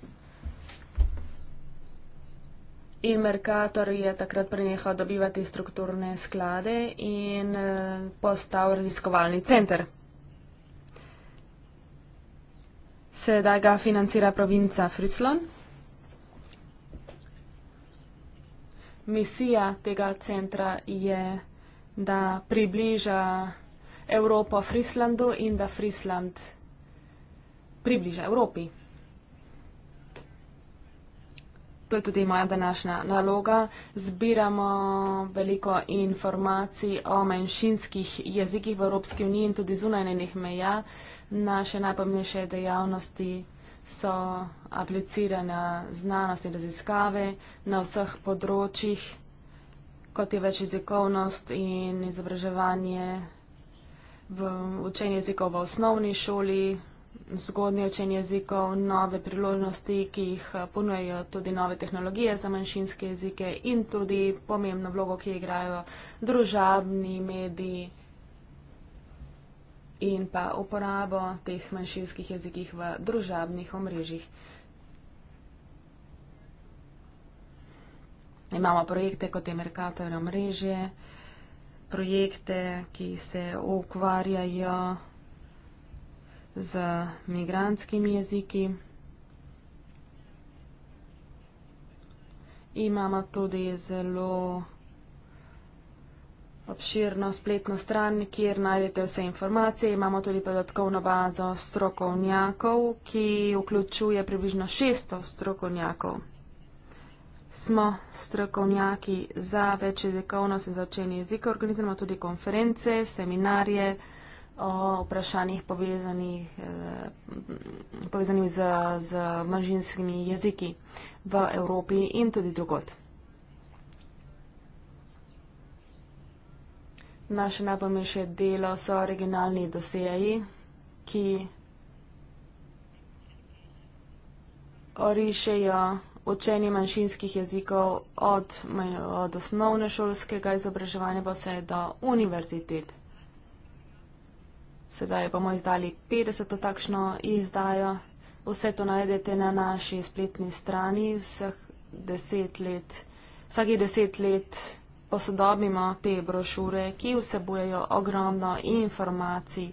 In Merkator je takrat prenehal dobivati strukturne sklade in eh, postal raziskovalni center. Sedaj ga financira provinca Frislon. Misija tega centra je, da približa Evropo Frislandu in da Frisland približa Evropi. to je tudi moja današnja naloga. Zbiramo veliko informacij o manjšinskih jezikih v Evropski uniji in tudi zunaj njenih meja. Naše najpomembnejše dejavnosti so aplicirane znanosti in raziskave na vseh področjih, kot je večjezikovnost in izobraževanje v učenju jezikov v osnovni šoli, zgodnje učenje jezikov, nove priložnosti, ki jih eh, ponujejo tudi nove tehnologije za manjšinske jezike in tudi pomembno vlogo, ki igrajo družabni mediji in pa uporabo teh manjšinskih jezikih v družabnih omrežjih. Imamo projekte kot je Merkator omrežje, projekte, ki se ukvarjajo z migrantskimi jeziki. Imamo tudi zelo obširno spletno stran, kjer najdete vse informacije. Imamo tudi podatkovno bazo strokovnjakov, ki vključuje približno 600 strokovnjakov. Smo strokovnjaki za večjezikovnost in za učenje jezikov, organiziramo tudi konference, seminarje, o vprašanjih povezanih, eh, povezanih z, z manjšinskimi jeziki v Evropi in tudi drugod. Naše najpomembnejše delo so originalni dosejeji, ki orišejo učenje manjšinskih jezikov od, od osnovne šolskega izobraževanja pa vse do univerzitet. Sedaj bomo izdali 50. takšno izdajo. Vse to najdete na naši spletni strani. Deset let, vsaki deset let posodobimo te brošure, ki vsebujejo ogromno informacij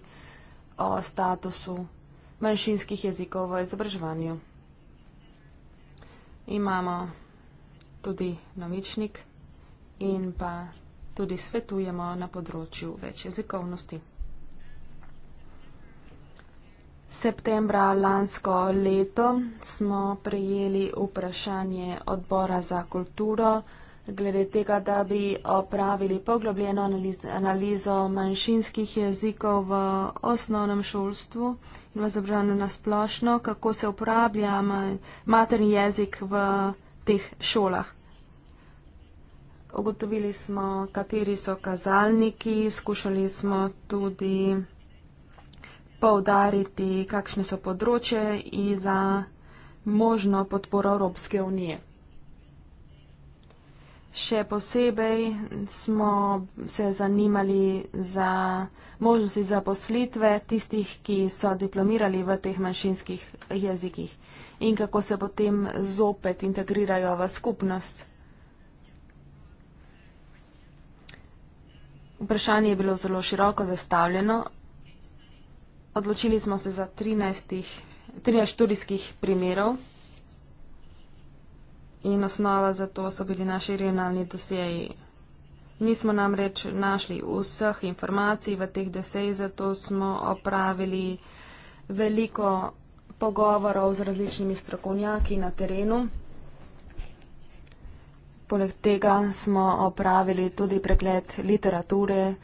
o statusu manjšinskih jezikov v izobraževanju. Imamo tudi novičnik in pa tudi svetujemo na področju večjezikovnosti. Septembra lansko leto smo prejeli vprašanje odbora za kulturo glede tega, da bi opravili poglobljeno analizo manjšinskih jezikov v osnovnem šolstvu in v izobraževanju na splošno, kako se uporablja materni jezik v teh šolah. Ugotovili smo, kateri so kazalniki, skušali smo tudi poudariti, kakšne so področje in za možno podporo Evropske unije. Še posebej smo se zanimali za možnosti zaposlitve tistih, ki so diplomirali v teh manjšinskih jezikih in kako se potem zopet integrirajo v skupnost. Vprašanje je bilo zelo široko zastavljeno, odločili smo se za 13, 13 študijskih primerov in osnova za to so bili naši regionalni dosjeji. Nismo namreč našli vseh informacij v teh dosjejih, zato smo opravili veliko pogovorov z različnimi strokovnjaki na terenu. Poleg tega smo opravili tudi pregled literature,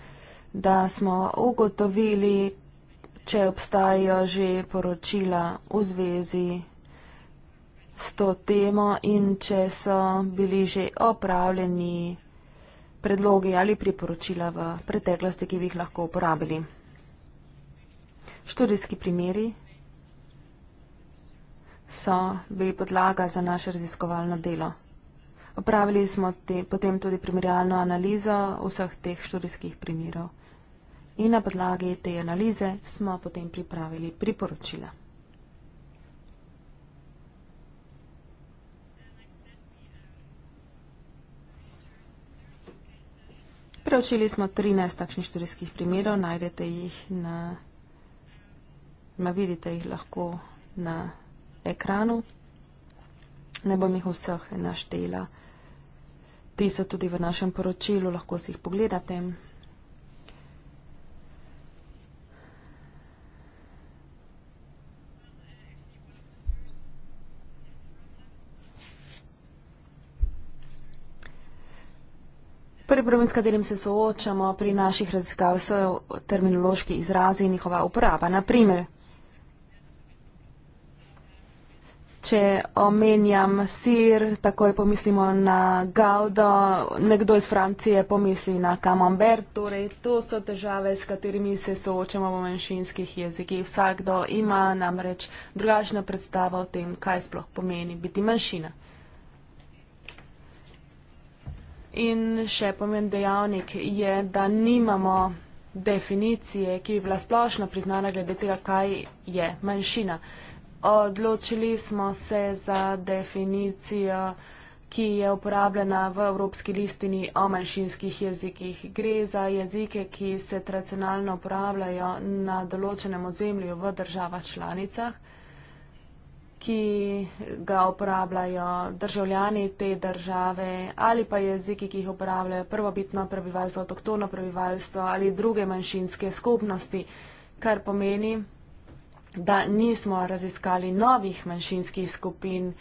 da smo ugotovili, če obstajajo že poročila v zvezi s to temo in če so bili že opravljeni predlogi ali priporočila v preteklosti, ki bi jih lahko uporabili. Študijski primeri so bili podlaga za naše raziskovalno delo. Opravili smo te, potem tudi primerjalno analizo vseh teh študijskih primerov in na podlagi te analize smo potem pripravili priporočila. Preučili smo 13 takšnih študijskih primerov, najdete jih na, na, vidite jih lahko na ekranu. Ne bom jih vseh naštela. Ti so tudi v našem poročilu, lahko si jih pogledate. Prvi problem, s katerim se soočamo pri naših raziskav, so terminološki izrazi in njihova uporaba. Naprimer, če omenjam sir, takoj pomislimo na gaudo, nekdo iz Francije pomisli na camembert, torej to so težave, s katerimi se soočamo v manjšinskih jezikih. Vsakdo ima namreč drugačno predstavo o tem, kaj sploh pomeni biti manjšina. In še pomen dejavnik je, da nimamo definicije, ki bi bila splošno priznana glede tega, kaj je manjšina. Odločili smo se za definicijo, ki je uporabljena v Evropski listini o manjšinskih jezikih. Gre za jezike, ki se tradicionalno uporabljajo na določenem ozemlju v državah članicah ki ga uporabljajo državljani te države ali pa jeziki, ki jih uporabljajo prvobitno prebivalstvo, avtoktono prebivalstvo ali druge manjšinske skupnosti, kar pomeni, da nismo raziskali novih manjšinskih skupin,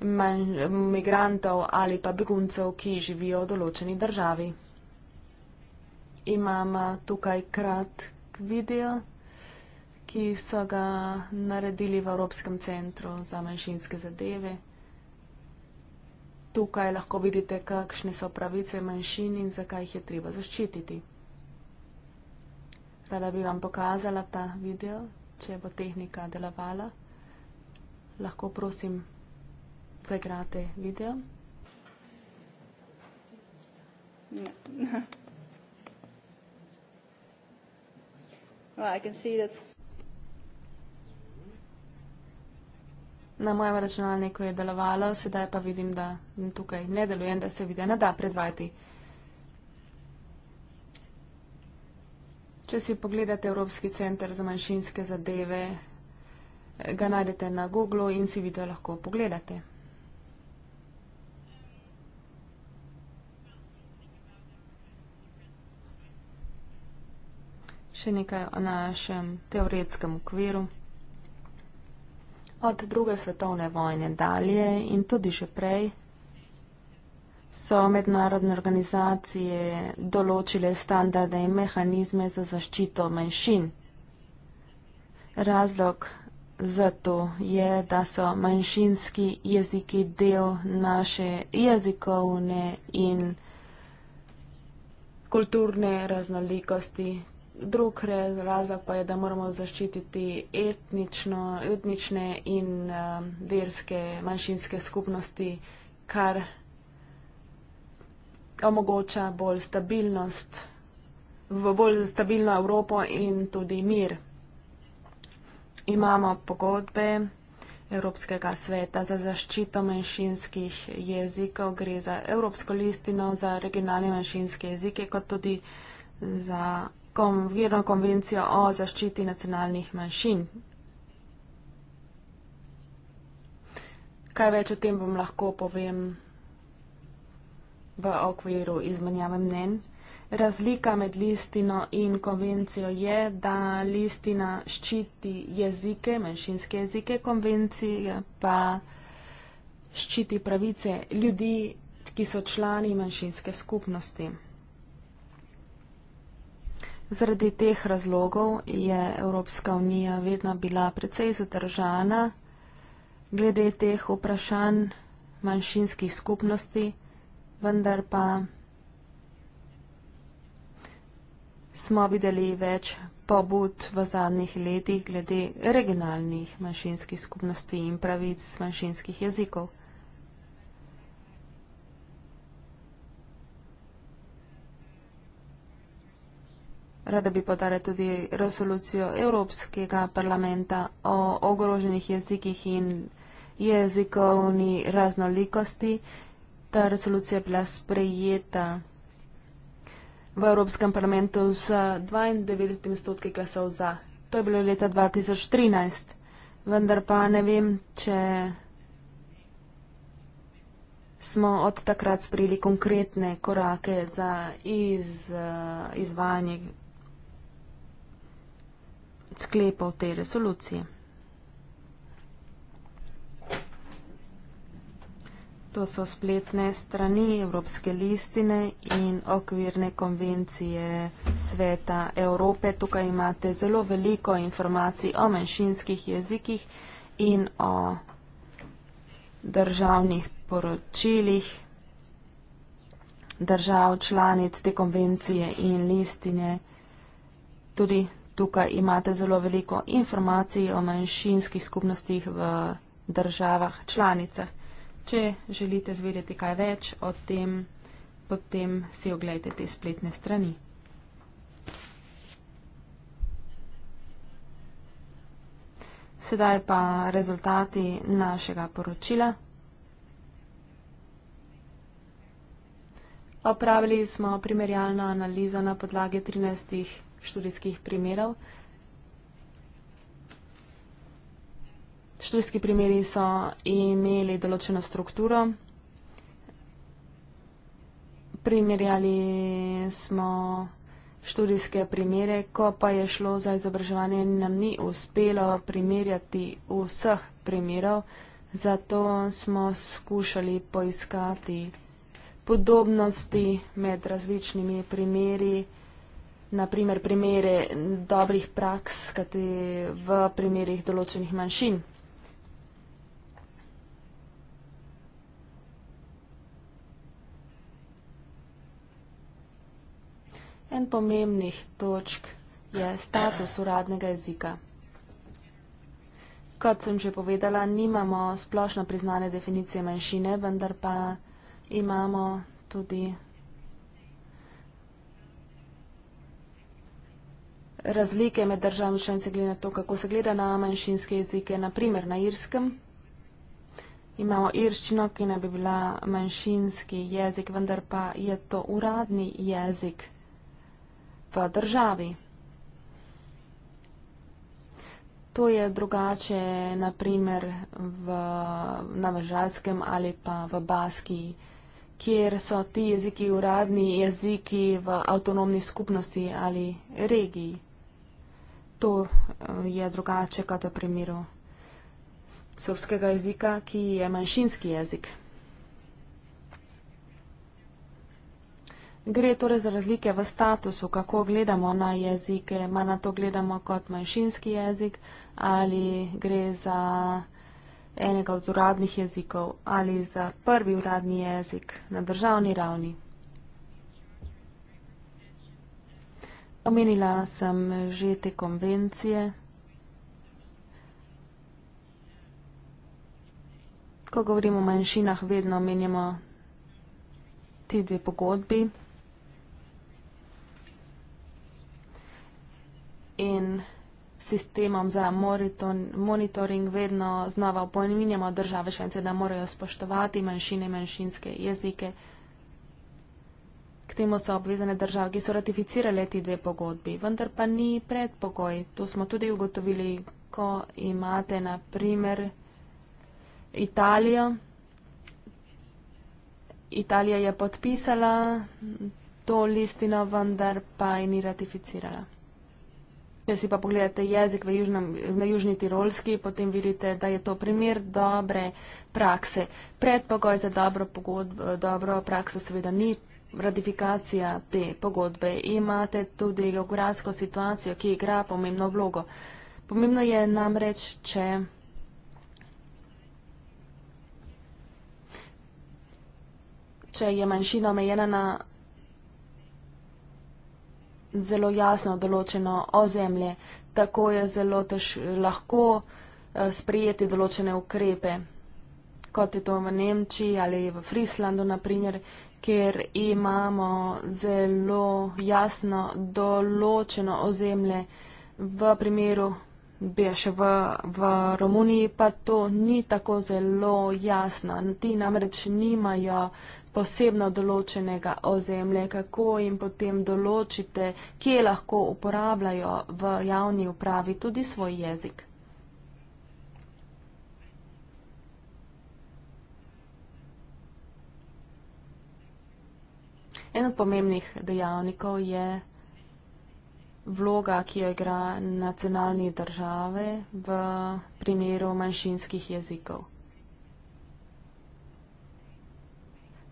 manj, migrantov ali pa beguncev, ki živijo v določeni državi. Imamo tukaj kratk video ki so ga naredili v Evropskem centru za manjšinske zadeve. Tukaj lahko vidite, kakšne so pravice manjšin in zakaj jih je treba zaščititi. Rada bi vam pokazala ta video, če bo tehnika delovala. Lahko prosim, zaigrate video. Ja. Well, I can see that na mojem računalniku je delovalo, sedaj pa vidim, da tukaj ne delujem, da se video ne da predvajati. Če si pogledate Evropski center za manjšinske zadeve, ga najdete na Google in si video lahko pogledate. Še nekaj o našem teoretskem okviru. Od druge svetovne vojne dalje in tudi še prej so mednarodne organizacije določile standarde in mehanizme za zaščito manjšin. Razlog zato je, da so manjšinski jeziki del naše jezikovne in kulturne raznolikosti, drug razlog pa je, da moramo zaščititi etnično, etnične in uh, verske manjšinske skupnosti, kar omogoča bolj stabilnost, v bolj stabilno Evropo in tudi mir. Imamo pogodbe Evropskega sveta za zaščito manjšinskih jezikov, gre za Evropsko listino za regionalne manjšinske jezike, kot tudi za konvirno konvencijo o zaščiti nacionalnih manjšin. Kaj več o tem vam lahko povem v okviru izmenjave mnen? Razlika med listino in konvencijo je, da listina ščiti jezike, manjšinske jezike konvencije, pa ščiti pravice ljudi, ki so člani manjšinske skupnosti. Zaradi teh razlogov je Evropska unija vedno bila precej zadržana glede teh vprašanj manjšinskih skupnosti, vendar pa smo videli več pobud v zadnjih letih glede regionalnih manjšinskih skupnosti in pravic manjšinskih jezikov. Rada bi podala tudi resolucijo Evropskega parlamenta o ogroženih jezikih in jezikovni raznolikosti. Ta resolucija je bila sprejeta v Evropskem parlamentu z 92 stotki glasov za. To je bilo leta 2013. Vendar pa ne vem, če smo od takrat sprejeli konkretne korake za iz, uh, izvajanje sklepov te resolucije. To so spletne strani Evropske listine in okvirne konvencije Sveta Evrope. Tukaj imate zelo veliko informacij o menšinskih jezikih in o državnih poročilih držav članic te konvencije in listine. Tudi Tukaj imate zelo veliko informacij o manjšinskih skupnostih v državah članicah. Če želite zvedeti kaj več o tem, potem si oglejte te spletne strani. Sedaj pa rezultati našega poročila. Opravili smo primerjalno analizo na podlagi 13 študijskih primerov. Študijski primeri so imeli določeno strukturo. Primerjali smo študijske primere, ko pa je šlo za izobraževanje, nam ni uspelo primerjati vseh primerov, zato smo skušali poiskati podobnosti med različnimi primeri naprimer primere dobrih praks v primerih določenih manjšin. En pomembnih točk je status uradnega jezika. Kot sem že povedala, nimamo splošno priznane definicije manjšine, vendar pa imamo tudi razlike med državami članice glede na to, kako se gleda na manjšinske jezike, naprimer na irskem. Imamo irščino, ki naj bi bila manjšinski jezik, vendar pa je to uradni jezik v državi. To je drugače, naprimer, v Navežalskem ali pa v Baskiji, kjer so ti jeziki uradni jeziki v avtonomni skupnosti ali regiji to eh, je drugače kot v primeru srpskega jezika, ki je manjšinski jezik. Gre torej za razlike v statusu, kako gledamo na jezike, ma na to gledamo kot manjšinski jezik ali gre za enega od uradnih jezikov ali za prvi uradni jezik na državni ravni. Omenila sem že te konvencije. Ko govorimo o manjšinah, vedno omenjamo ti dve pogodbi. In sistemom za monitoring vedno znova opominjamo države šence, da morajo spoštovati manjšine, manjšinske jezike, K temu so obvezane države, ki so ratificirale ti dve pogodbi, vendar pa ni predpogoj. To smo tudi ugotovili, ko imate na primer Italijo. Italija je podpisala to listino, vendar pa je ni ratificirala. Če si pa pogledate jezik južnem, na južni tirolski, potem vidite, da je to primer dobre prakse. Predpogoj za dobro, pogodbo, dobro prakso seveda ni ratifikacija te pogodbe. Imate tudi geografsko situacijo, ki igra pomembno vlogo. Pomembno je namreč, če. Če je manjšina omejena na zelo jasno določeno ozemlje, tako je zelo tež, lahko eh, sprijeti določene ukrepe, kot je to v Nemčiji ali v Frislandu, naprimer, ker imamo zelo jasno določeno ozemlje v primeru Beš v, v Romuniji, pa to ni tako zelo jasno. Ti namreč nimajo posebno določenega ozemlje, kako jim potem določite, kje lahko uporabljajo v javni upravi tudi svoj jezik. En od pomembnih dejavnikov je vloga, ki jo igra nacionalni države v primeru manjšinskih jezikov.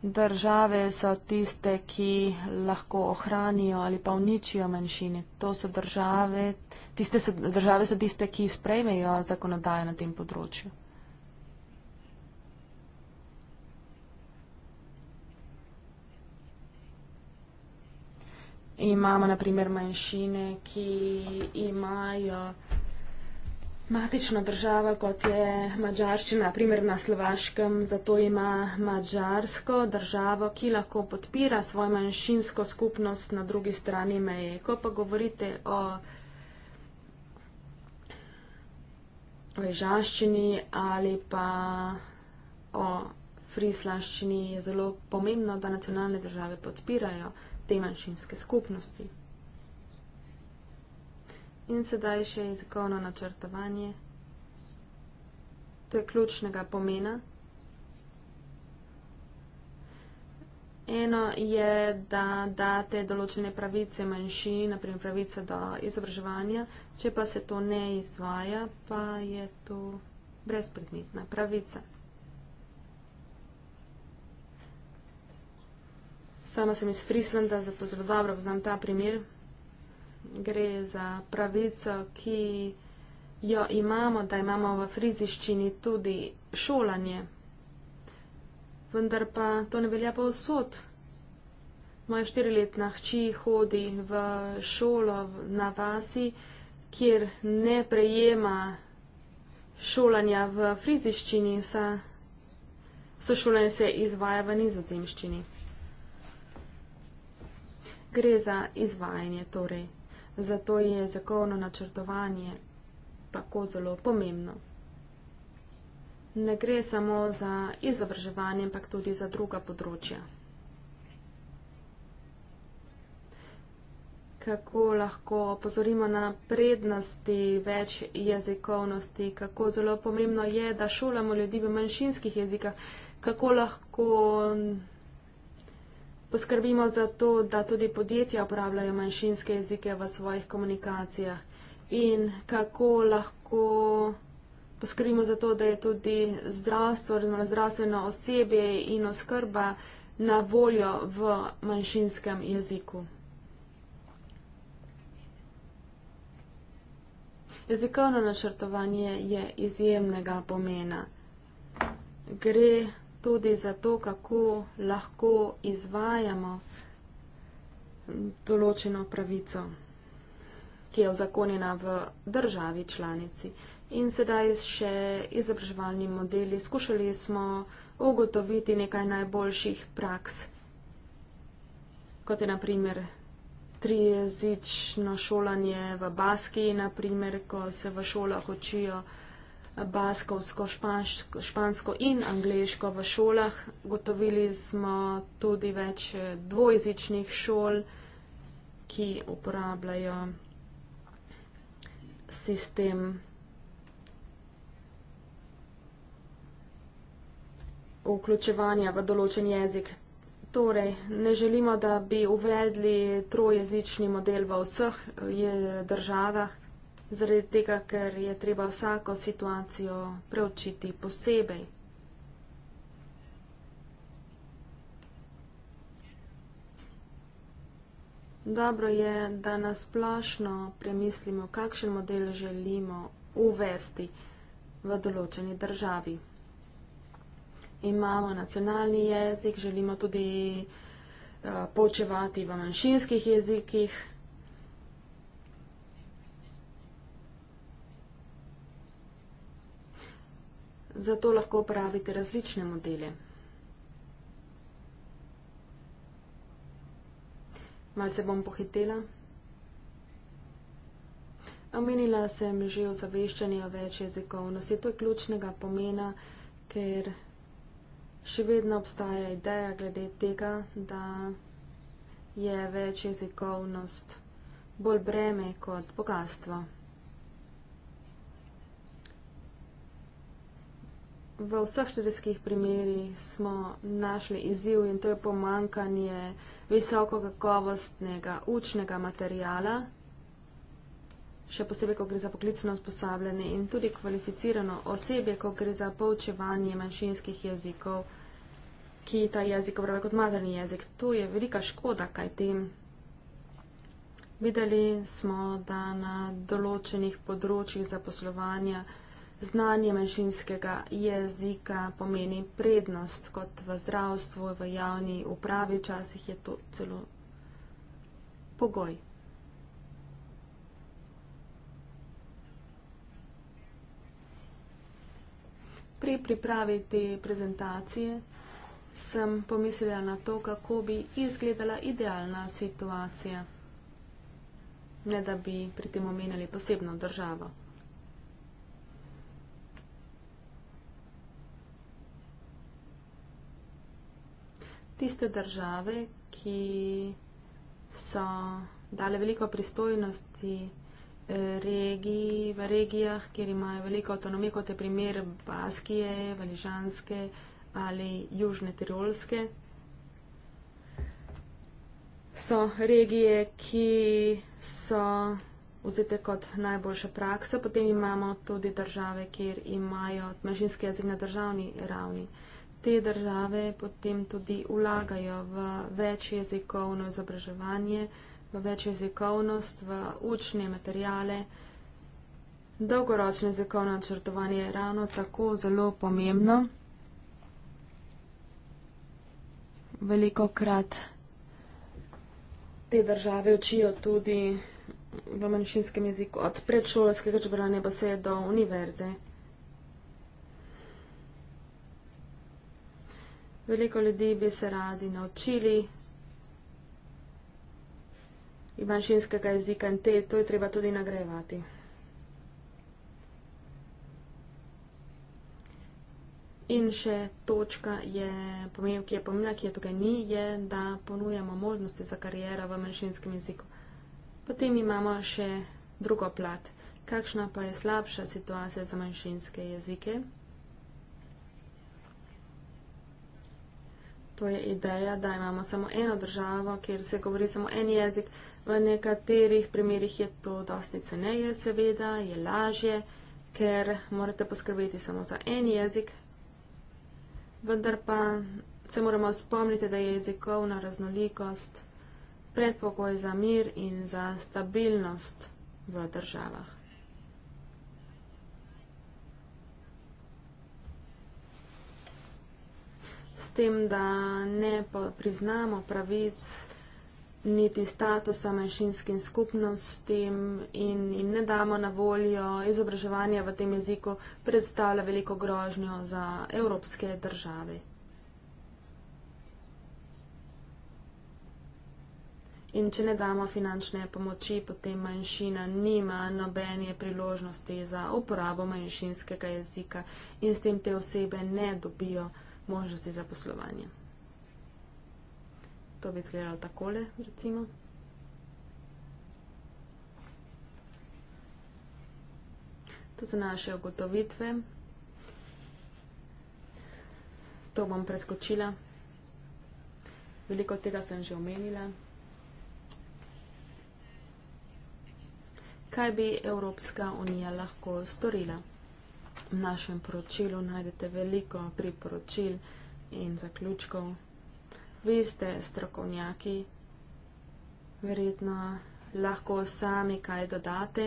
Države so tiste, ki lahko ohranijo ali pa uničijo manjšine. To so države, tiste so, države so tiste, ki sprejmejo zakonodajo na tem področju. imamo naprimer manjšine, ki imajo matično državo, kot je mačarščina, naprimer na slovaškem, zato ima mačarsko državo, ki lahko podpira svojo manjšinsko skupnost na drugi strani meje. Ko pa govorite o ležaščini ali pa o frislaščini, je zelo pomembno, da nacionalne države podpirajo te manjšinske skupnosti. In sedaj še jezikovno načrtovanje. To je ključnega pomena. Eno je, da date določene pravice manjši, naprimer pravice do izobraževanja, če pa se to ne izvaja, pa je to brezpredmetna pravica. Sama sem iz Frislanda, zato zelo dobro poznam ta primer. Gre za pravico, ki jo imamo, da imamo v friziščini tudi šolanje. Vendar pa to ne velja pa vsod. Moja štiriletna hči hodi v šolo na vasi, kjer ne prejema šolanja v friziščini, vse šolanje se izvaja v nizozemščini gre za izvajanje torej. Zato je jezikovno načrtovanje tako zelo pomembno. Ne gre samo za izobraževanje, ampak tudi za druga področja. Kako lahko opozorimo na prednosti več jezikovnosti, kako zelo pomembno je, da šolamo ljudi v manjšinskih jezikah, kako lahko Poskrbimo za to, da tudi podjetja uporabljajo manjšinske jezike v svojih komunikacijah in kako lahko poskrbimo za to, da je tudi zdravstvo, zdravstveno osebje in oskrba na voljo v manjšinskem jeziku. Jezikovno načrtovanje je izjemnega pomena. Gre tudi za to, kako lahko izvajamo določeno pravico, ki je vzakonjena v državi članici. In sedaj še izobraževalni modeli. Skušali smo ugotoviti nekaj najboljših praks, kot je naprimer trijezično šolanje v Baski, naprimer, ko se v šolah učijo baskovsko, špansko, špansko in angliško v šolah. Gotovili smo tudi več eh, dvojezičnih šol, ki uporabljajo sistem vključevanja v določen jezik. Torej, ne želimo, da bi uvedli trojezični model v vseh eh, državah, zaradi tega, ker je treba vsako situacijo preučiti posebej. Dobro je, da nas plašno premislimo, kakšen model želimo uvesti v določeni državi. Imamo nacionalni jezik, želimo tudi uh, eh, počevati v manjšinskih jezikih, zato lahko uporabite različne modele. Malce bom pohitela. Omenila sem že ozaveščanje več jezikovnosti. To je ključnega pomena, ker še vedno obstaja ideja glede tega, da je več jezikovnost bolj breme kot bogatstvo. v vseh 40 primerjih smo našli izziv in to je pomankanje visoko kakovostnega učnega materijala, še posebej, ko gre za poklicno usposabljanje in tudi kvalificirano osebje, ko gre za poučevanje manjšinskih jezikov, ki ta jezik obravlja kot materni jezik. Tu je velika škoda, kaj tem. Videli smo, da na določenih področjih zaposlovanja poslovanja Znanje menšinskega jezika pomeni prednost, kot v zdravstvu, v javni upravi, včasih je to celo pogoj. Pri pripravi te prezentacije sem pomislila na to, kako bi izgledala idealna situacija, ne da bi pri tem omenjali posebno državo. tiste države, ki so dale veliko pristojnosti eh, regiji, v regijah, kjer imajo veliko avtonomije, kot je primer Baskije, Valižanske ali Južne Tirolske. So regije, ki so vzete kot najboljša praksa, potem imamo tudi države, kjer imajo manjšinski jezik na državni ravni. Uh, te države potem tudi vlagajo v večjezikovno izobraževanje, v večjezikovnost, v učne materijale. Dolgoročno jezikovno načrtovanje je ravno tako zelo pomembno. Veliko krat te države učijo tudi v manjšinskem jeziku, od predšolskega čebranja pa se je do univerze. Veliko ljudi bi se radi naučili manjšinskega jezika in te, to je treba tudi nagrajevati. In še točka, je pomembna, ki je pomembna, ki je tukaj ni, je, da ponujamo možnosti za karijera v manjšinskem jeziku. Potem imamo še drugo plat. Kakšna pa je slabša situacija za manjšinske jezike? to je ideja, da imamo samo eno državo, kjer se govori samo en jezik. V nekaterih primerjih je to dosti ceneje, seveda, je lažje, ker morate poskrbeti samo za en jezik. Vendar pa se moramo spomniti, da je jezikovna raznolikost predpogoj za mir in za stabilnost v državah. tem, da ne priznamo pravic niti statusa manjšinskim skupnostim in, in ne damo na voljo izobraževanja v tem jeziku, predstavlja veliko grožnjo za evropske države. In če ne damo finančne pomoči, potem manjšina nima nobene priložnosti za uporabo manjšinskega jezika in s tem te osebe ne dobijo možnosti za poslovanje. To bi izgledalo takole, recimo. To so naše ugotovitve. To bom preskočila. Veliko tega sem že omenila. Kaj bi Evropska unija lahko storila? v našem poročilu najdete veliko priporočil in zaključkov. Vi ste strokovnjaki, verjetno lahko sami kaj dodate.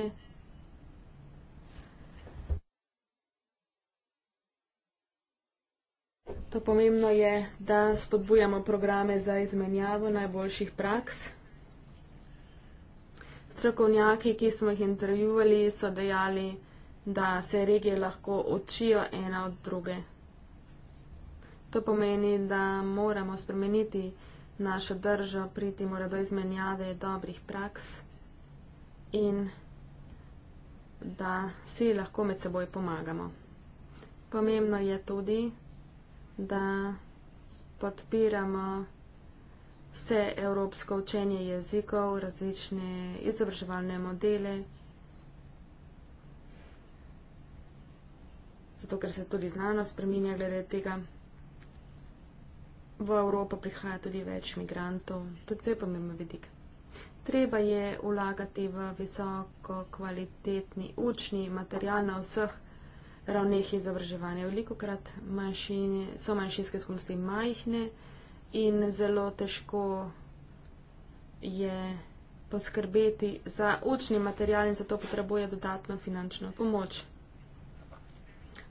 To pomembno je, da spodbujamo programe za izmenjavo najboljših praks. Strokovnjaki, ki smo jih intervjuvali, so dejali, da da se regije lahko učijo ena od druge. To pomeni, da moramo spremeniti našo držo, priti mora do izmenjave dobrih praks in da si lahko med seboj pomagamo. Pomembno je tudi, da podpiramo vse evropsko učenje jezikov, različne izobraževalne modele, zato ker se tudi znanost spreminja glede tega. V Evropo prihaja tudi več migrantov, tudi to je pomemben vidik. Treba je vlagati v visoko kvalitetni učni material na vseh ravneh izobraževanja. Veliko krat manjšine, so manjšinske skupnosti majhne in zelo težko je poskrbeti za učni material in zato potrebuje dodatno finančno pomoč.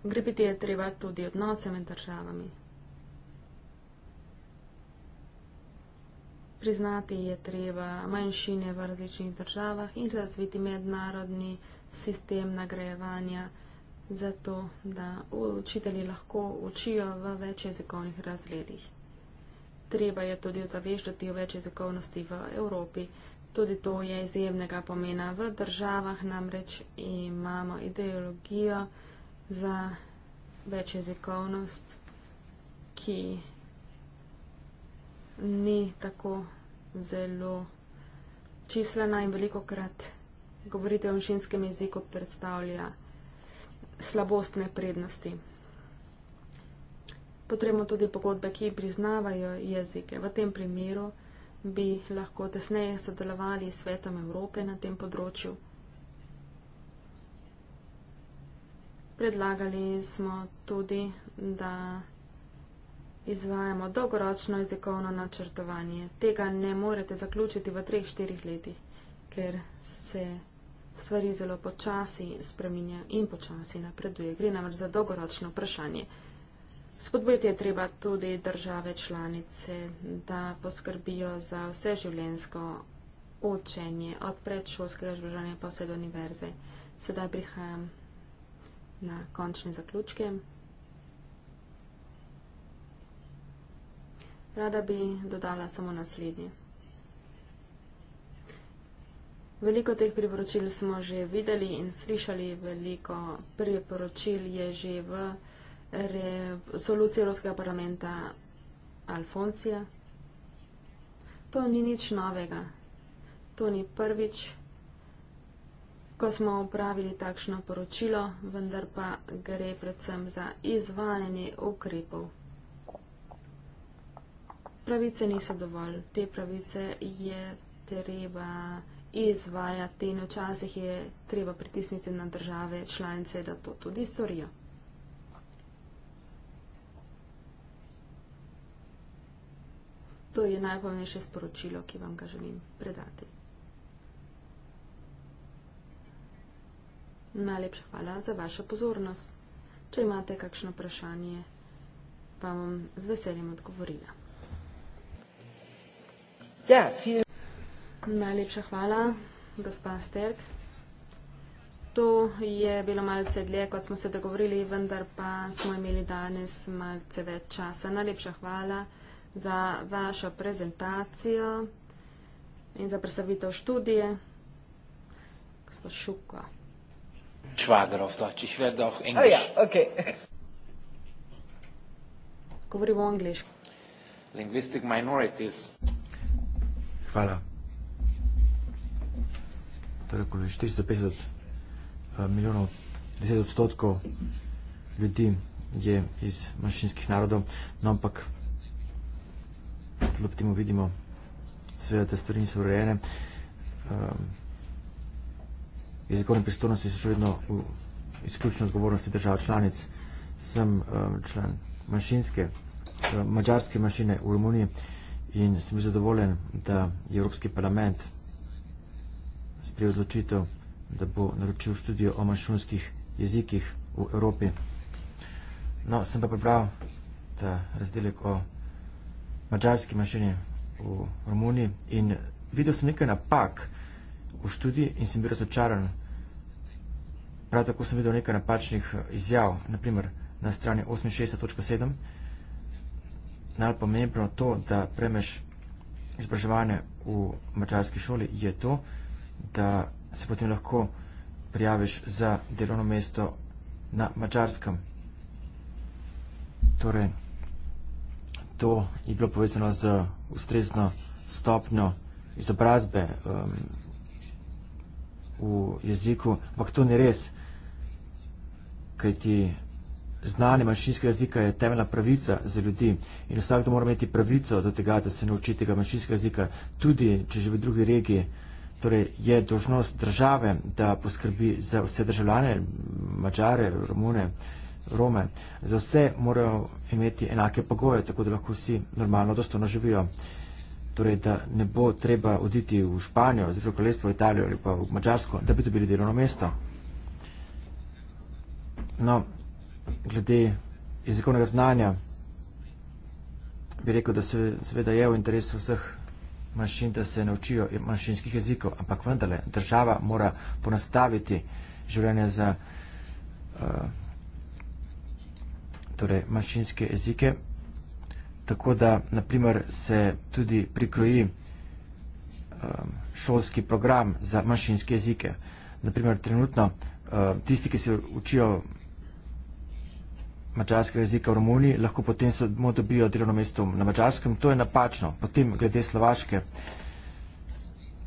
Okrepiti je treba tudi odnose med državami. Priznati je treba manjšine v različnih državah in razviti mednarodni sistem nagrajevanja za to, da učitelji lahko učijo v več jezikovnih razredih. Treba je tudi ozaveščati o več jezikovnosti v Evropi. Tudi to je izjemnega pomena. V državah namreč imamo ideologijo, za več jezikovnost, ki ni tako zelo čislena in veliko krat govorite o ženskem jeziku predstavlja slabostne prednosti. Potrebno tudi pogodbe, ki priznavajo jezike. V tem primeru bi lahko tesneje sodelovali s Svetom Evrope na tem področju. Predlagali smo tudi, da izvajamo dolgoročno jezikovno načrtovanje. Tega ne morete zaključiti v treh, štirih letih, ker se stvari zelo počasi spreminjajo in počasi napreduje. Gre namreč za dolgoročno vprašanje. Spodbujiti je treba tudi države članice, da poskrbijo za vse življensko učenje od predšolskega življenja pa vse do univerze. Sedaj prihajam na končne zaključke. Rada bi dodala samo naslednje. Veliko teh priporočil smo že videli in slišali, veliko priporočil je že v resoluciji Evropskega parlamenta Alfonsija. To ni nič novega, to ni prvič ko smo upravili takšno poročilo, vendar pa gre predvsem za izvajanje ukrepov. Pravice niso dovolj. Te pravice je treba izvajati in včasih je treba pritisniti na države članice, da to tudi storijo. To je najpomembnejše sporočilo, ki vam ga želim predati. Najlepša hvala za vašo pozornost. Če imate kakšno vprašanje, pa vam z veseljem odgovorila. Ja, Najlepša hvala, gospa Sterk. To je bilo malce dlje, kot smo se dogovorili, vendar pa smo imeli danes malce več časa. Najlepša hvala za vašo prezentacijo in za predstavitev študije, gospod Šuko. Švagar of Dutch, if you had the English. Oh, yeah, okay. Govorimo angliško. Linguistic minorities. Hvala. Torej, ko je 450 milijonov, 10 odstotkov ljudi je iz manjšinskih narodov, no ampak kljub temu vidimo, seveda, da stvari niso urejene. Um, jezikovne pristojnosti so še vedno v izključno odgovornosti držav članic. Sem um, član manjšinske, um, mađarske manjšine v Romuniji in sem zadovoljen, da je Evropski parlament sprejel odločitev, da bo naročil študijo o manjšinskih jezikih v Evropi. No, sem pa prebral ta razdelek o mađarski manjšini v Romuniji in videl sem nekaj napak v študiji in sem bil razočaran, Prav tako sem videl nekaj napačnih eh, izjav, naprimer na strani 68.7. Najpomembno to, da premeš izbraževanje v mačarski šoli, je to, da se potem lahko prijaviš za delovno mesto na mačarskem. Torej, to je bilo povezano z ustrezno stopnjo izobrazbe v jeziku, ampak to ni res. Torej, kajti znanje manjšinskega jezika je temeljna pravica za ljudi in vsakdo mora imeti pravico do tega, da se nauči tega manjšinskega jezika, tudi če živi v drugi regiji. Torej je dožnost države, da poskrbi za vse državljane, mačare, romune, rome. Za vse morajo imeti enake pogoje, tako da lahko vsi normalno dostojno živijo. Torej, da ne bo treba oditi v Španijo, v Združeno kraljestvo, Italijo ali pa v Mačarsko, da bi dobili delovno mesto. No, glede jezikovnega znanja, bi rekel, da se seveda je v interesu vseh manjšin, da se naučijo manjšinskih jezikov, ampak vendarle država mora ponastaviti življenje za uh, torej manjšinske jezike, tako da naprimer se tudi prikroji uh, šolski program za manjšinske jezike. Naprimer, trenutno uh, tisti, ki se učijo mačarskega jezika v Romuniji, lahko potem samo dobijo delovno mesto na mačarskem. To je napačno. Potem, glede slovaške,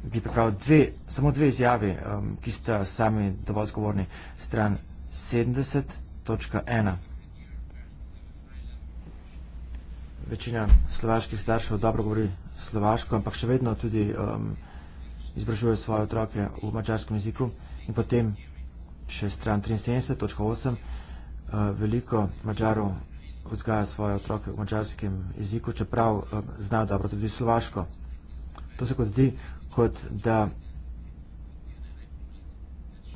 bi pripravil dve, samo dve izjavi, um, ki sta sami dovolj zgovorni. Stran 70.1. Večina slovaških staršev dobro govori slovaško, ampak še vedno tudi um, izbražuje svoje otroke v mačarskem jeziku. In potem še stran 73.8. Eh, veliko mačarov vzgaja svoje otroke v mačarskem jeziku, čeprav eh, znajo dobro tudi slovaško. To se kot zdi, kot da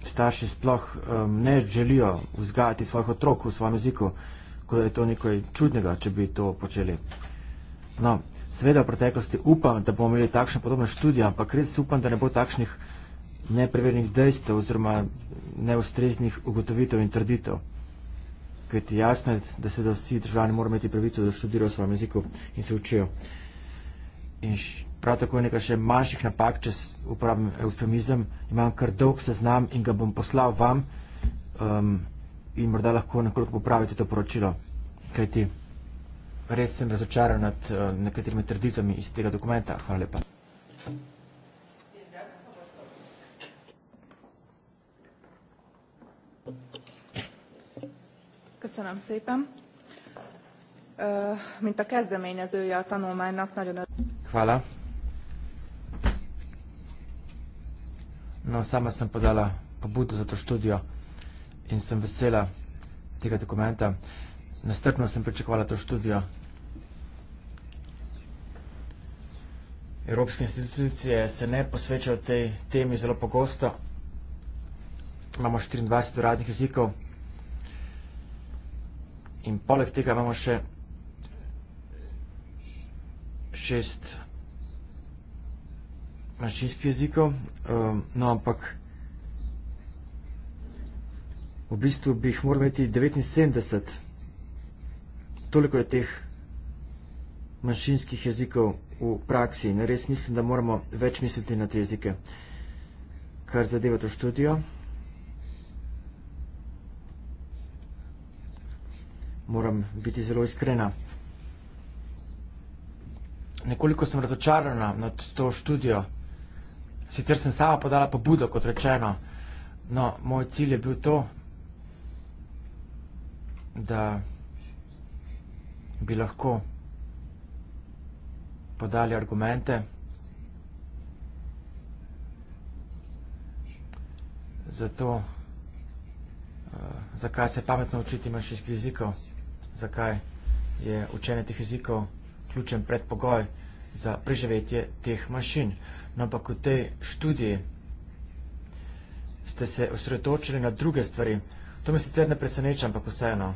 starši sploh eh, ne želijo vzgajati svojih otrok v svojem jeziku, kot da je to nekaj čudnega, če bi to počeli. No, seveda v preteklosti upam, da bomo imeli takšne podobne študije, ampak res upam, da ne bo takšnih nepreverjenih dejstev oziroma neustreznih ugotovitev in trditev kajti jasno je, da se da vsi državljani morajo imeti pravico, da študirajo v svojem jeziku in se učijo. In š, prav tako je nekaj še manjših napak, če uporabim eufemizem, imam kar dolg seznam in ga bom poslal vam um, in morda lahko nekoliko popravite to poročilo. Kajti res sem razočaran nad uh, nekaterimi trditvami iz tega dokumenta. Hvala lepa. Thank you. Köszönöm szépen. Mint a kezdeményezője a tanulmánynak, nagyon Hvala. No, sama sem podala pobudo za to študijo in sem vesela tega dokumenta. Nestrpno sem pričakovala to študijo. Evropske institucije se ne posvečajo tej temi zelo pogosto. Imamo 24 uradnih jezikov. In poleg tega imamo še šest mašinskih jezikov, um, no ampak v bistvu bi jih moral imeti 79, toliko je teh mašinskih jezikov v praksi in res mislim, da moramo več misliti na te jezike, kar zadeva to študijo. moram biti zelo iskrena. Nekoliko sem razočarana nad to študijo. Sicer sem sama podala pobudo, kot rečeno, no, moj cilj je bil to, da bi lahko podali argumente za to, eh, zakaj se je pametno učiti manjšinskih jezikov zakaj je učenje teh jezikov ključen predpogoj za preživetje teh mašin. No, ampak v tej študiji ste se osredotočili na druge stvari. To me sicer ne preseneča, ampak vseeno.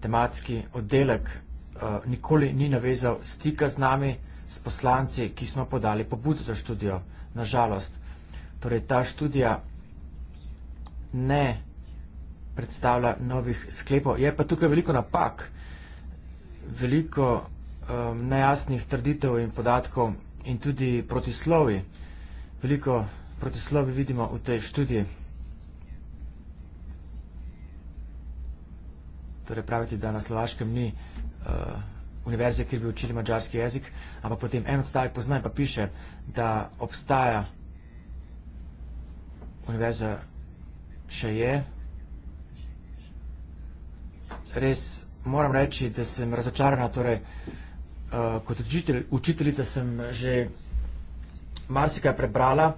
Tematski oddelek uh, nikoli ni navezal stika z nami, s poslanci, ki smo podali pobudo za študijo. Nažalost, torej ta študija ne predstavlja novih sklepov. Je pa tukaj veliko napak, veliko um, nejasnih trditev in podatkov in tudi protislovi. Veliko protislovi vidimo v tej študiji. Torej praviti, da na slovaškem ni uh, univerze, kjer bi učili mačarski jezik, ampak potem en odstavek poznaj pa piše, da obstaja univerza še je, res moram reči, da sem razočarana. Torej, uh, kot učitelj, učiteljica sem že marsikaj prebrala,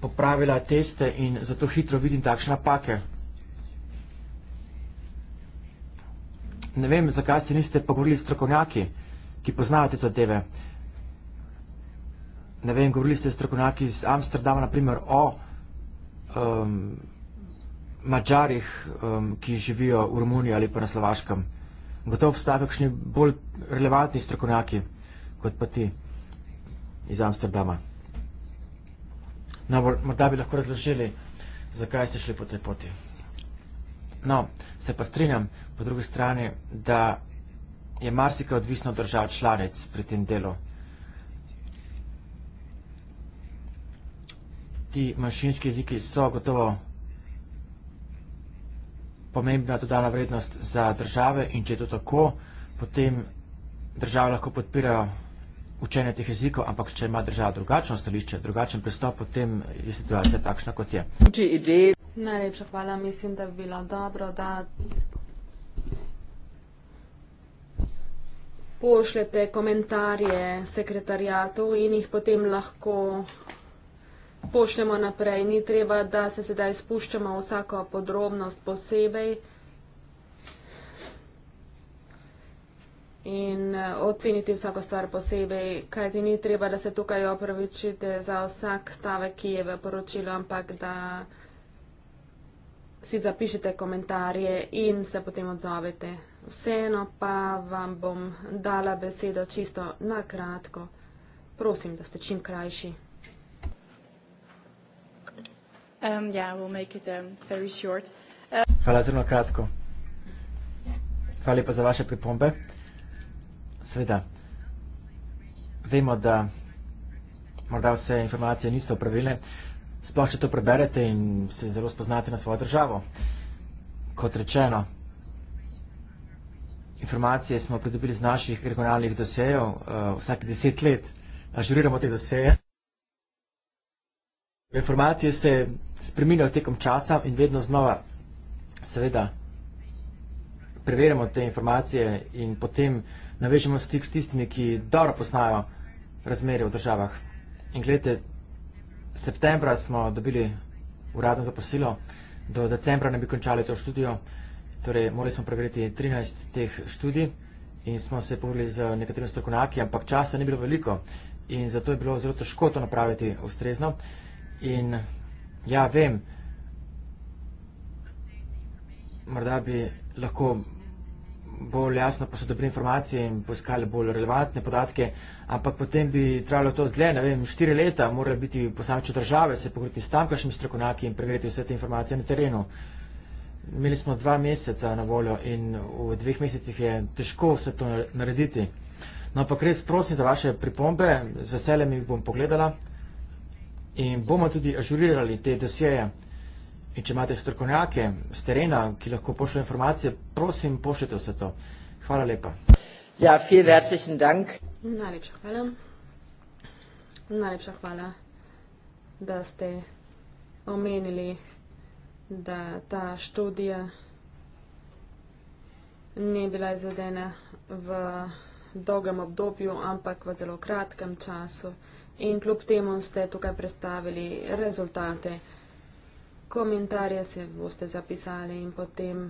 popravila teste in zato hitro vidim takšne napake. Ne vem, zakaj se niste pogovorili s strokovnjaki, ki poznajo te zadeve. Ne vem, govorili ste strokovnjaki iz Amsterdama, naprimer o um, Mačarih, um, ki živijo v Romuniji ali pa na Slovaškem. Gotovo obstajajo kakšni bolj relevantni strokovnjaki kot pa ti iz Amsterdama. No, morda bi lahko razložili, zakaj ste šli po tej poti. No, se pa strinjam po drugi strani, da je marsika odvisno od držav članic pri tem delu. Ti manjšinski jeziki so gotovo pomembna dodana vrednost za države in če je to tako, potem države lahko podpirajo učenje teh jezikov, ampak če ima država drugačno stališče, drugačen pristop, potem je situacija takšna, kot je. Najlepša hvala, mislim, da bi bilo dobro, da pošljete komentarje sekretarjatu in jih potem lahko pošljemo naprej. Ni treba, da se sedaj spuščamo vsako podrobnost posebej. In eh, oceniti vsako stvar posebej, kajti ni treba, da se tukaj opravičite za vsak stavek, ki je v poročilu, ampak da si zapišete komentarje in se potem odzovete. Vseeno pa vam bom dala besedo čisto na kratko. Prosim, da ste čim krajši. Um, yeah, we'll make it um, very short. Uh, Hvala zelo kratko. Hvala pa za vaše pripombe. Sveda, vemo, da morda vse informacije niso pravilne, sploh če to preberete in se zelo spoznate na svojo državo. Kot rečeno, informacije smo pridobili z naših regionalnih dosejev, uh, vsake deset let ažuriramo te doseje. Informacije se spreminjajo tekom časa in vedno znova, seveda, preverjamo te informacije in potem navežemo stik s tistimi, ki dobro poznajo razmerje v državah. In gledajte, septembra smo dobili uradno zaposilo, do decembra ne bi končali to študijo, torej morali smo preveriti 13 teh študij in smo se povrli z nekaterimi strokovnjaki, ampak časa ni bilo veliko in zato je bilo zelo težko to napraviti ustrezno. In Ja, vem. Morda bi lahko bolj jasno posodobili informacije in poiskali bolj relevantne podatke, ampak potem bi trajalo to dlje, ne vem, štiri leta, mora biti posamečne države, se pogovoriti s tamkajšnjimi strokovnjaki in preveriti vse te informacije na terenu. Imeli smo dva meseca na voljo in v dveh mesecih je težko vse to narediti. No, ampak res prosim za vaše pripombe, z veseljem jih bom pogledala in bomo tudi ažurirali te dosjeje. In če imate strokovnjake z terena, ki lahko pošljejo informacije, prosim, pošljite vse to. Hvala lepa. Ja, viel herzlichen Dank. Najlepša hvala. Najlepša hvala, da ste omenili, da ta študija ni bila izvedena v dolgem obdobju, ampak v zelo kratkem času in kljub temu ste tukaj predstavili rezultate. Komentarje se boste zapisali in potem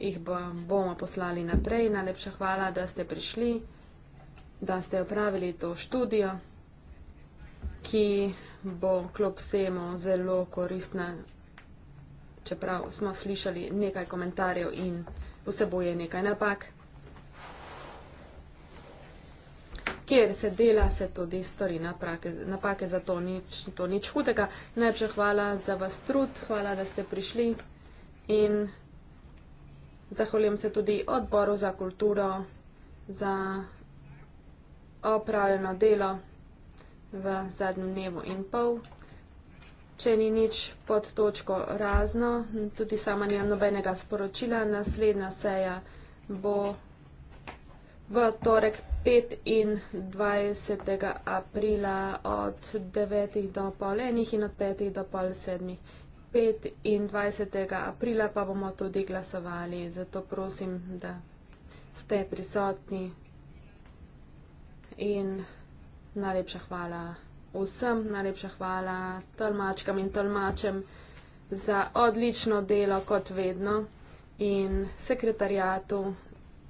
jih bo, bomo poslali naprej. Najlepša hvala, da ste prišli, da ste opravili to študijo, ki bo kljub vsemu zelo koristna, čeprav smo slišali nekaj komentarjev in vseboje nekaj napak. kjer se dela, se tudi stori naprake, napake, zato nič, to nič hudega. Najlepša hvala za vas trud, hvala, da ste prišli in zahvaljujem se tudi odboru za kulturo, za opravljeno delo v zadnjem dnevu in pol. Če ni nič pod točko razno, tudi sama nima nobenega sporočila, naslednja seja bo v torek 25. aprila od 9. do pol enih in od 5. do pol sedmih. 25. aprila pa bomo tudi glasovali, zato prosim, da ste prisotni in najlepša hvala vsem, najlepša hvala tolmačkam in tolmačem za odlično delo kot vedno in sekretarjatu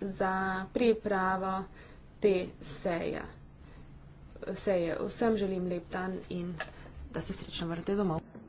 za pripravo te seje. seje. Vsem želim lep dan in da se srečno vrnete domov.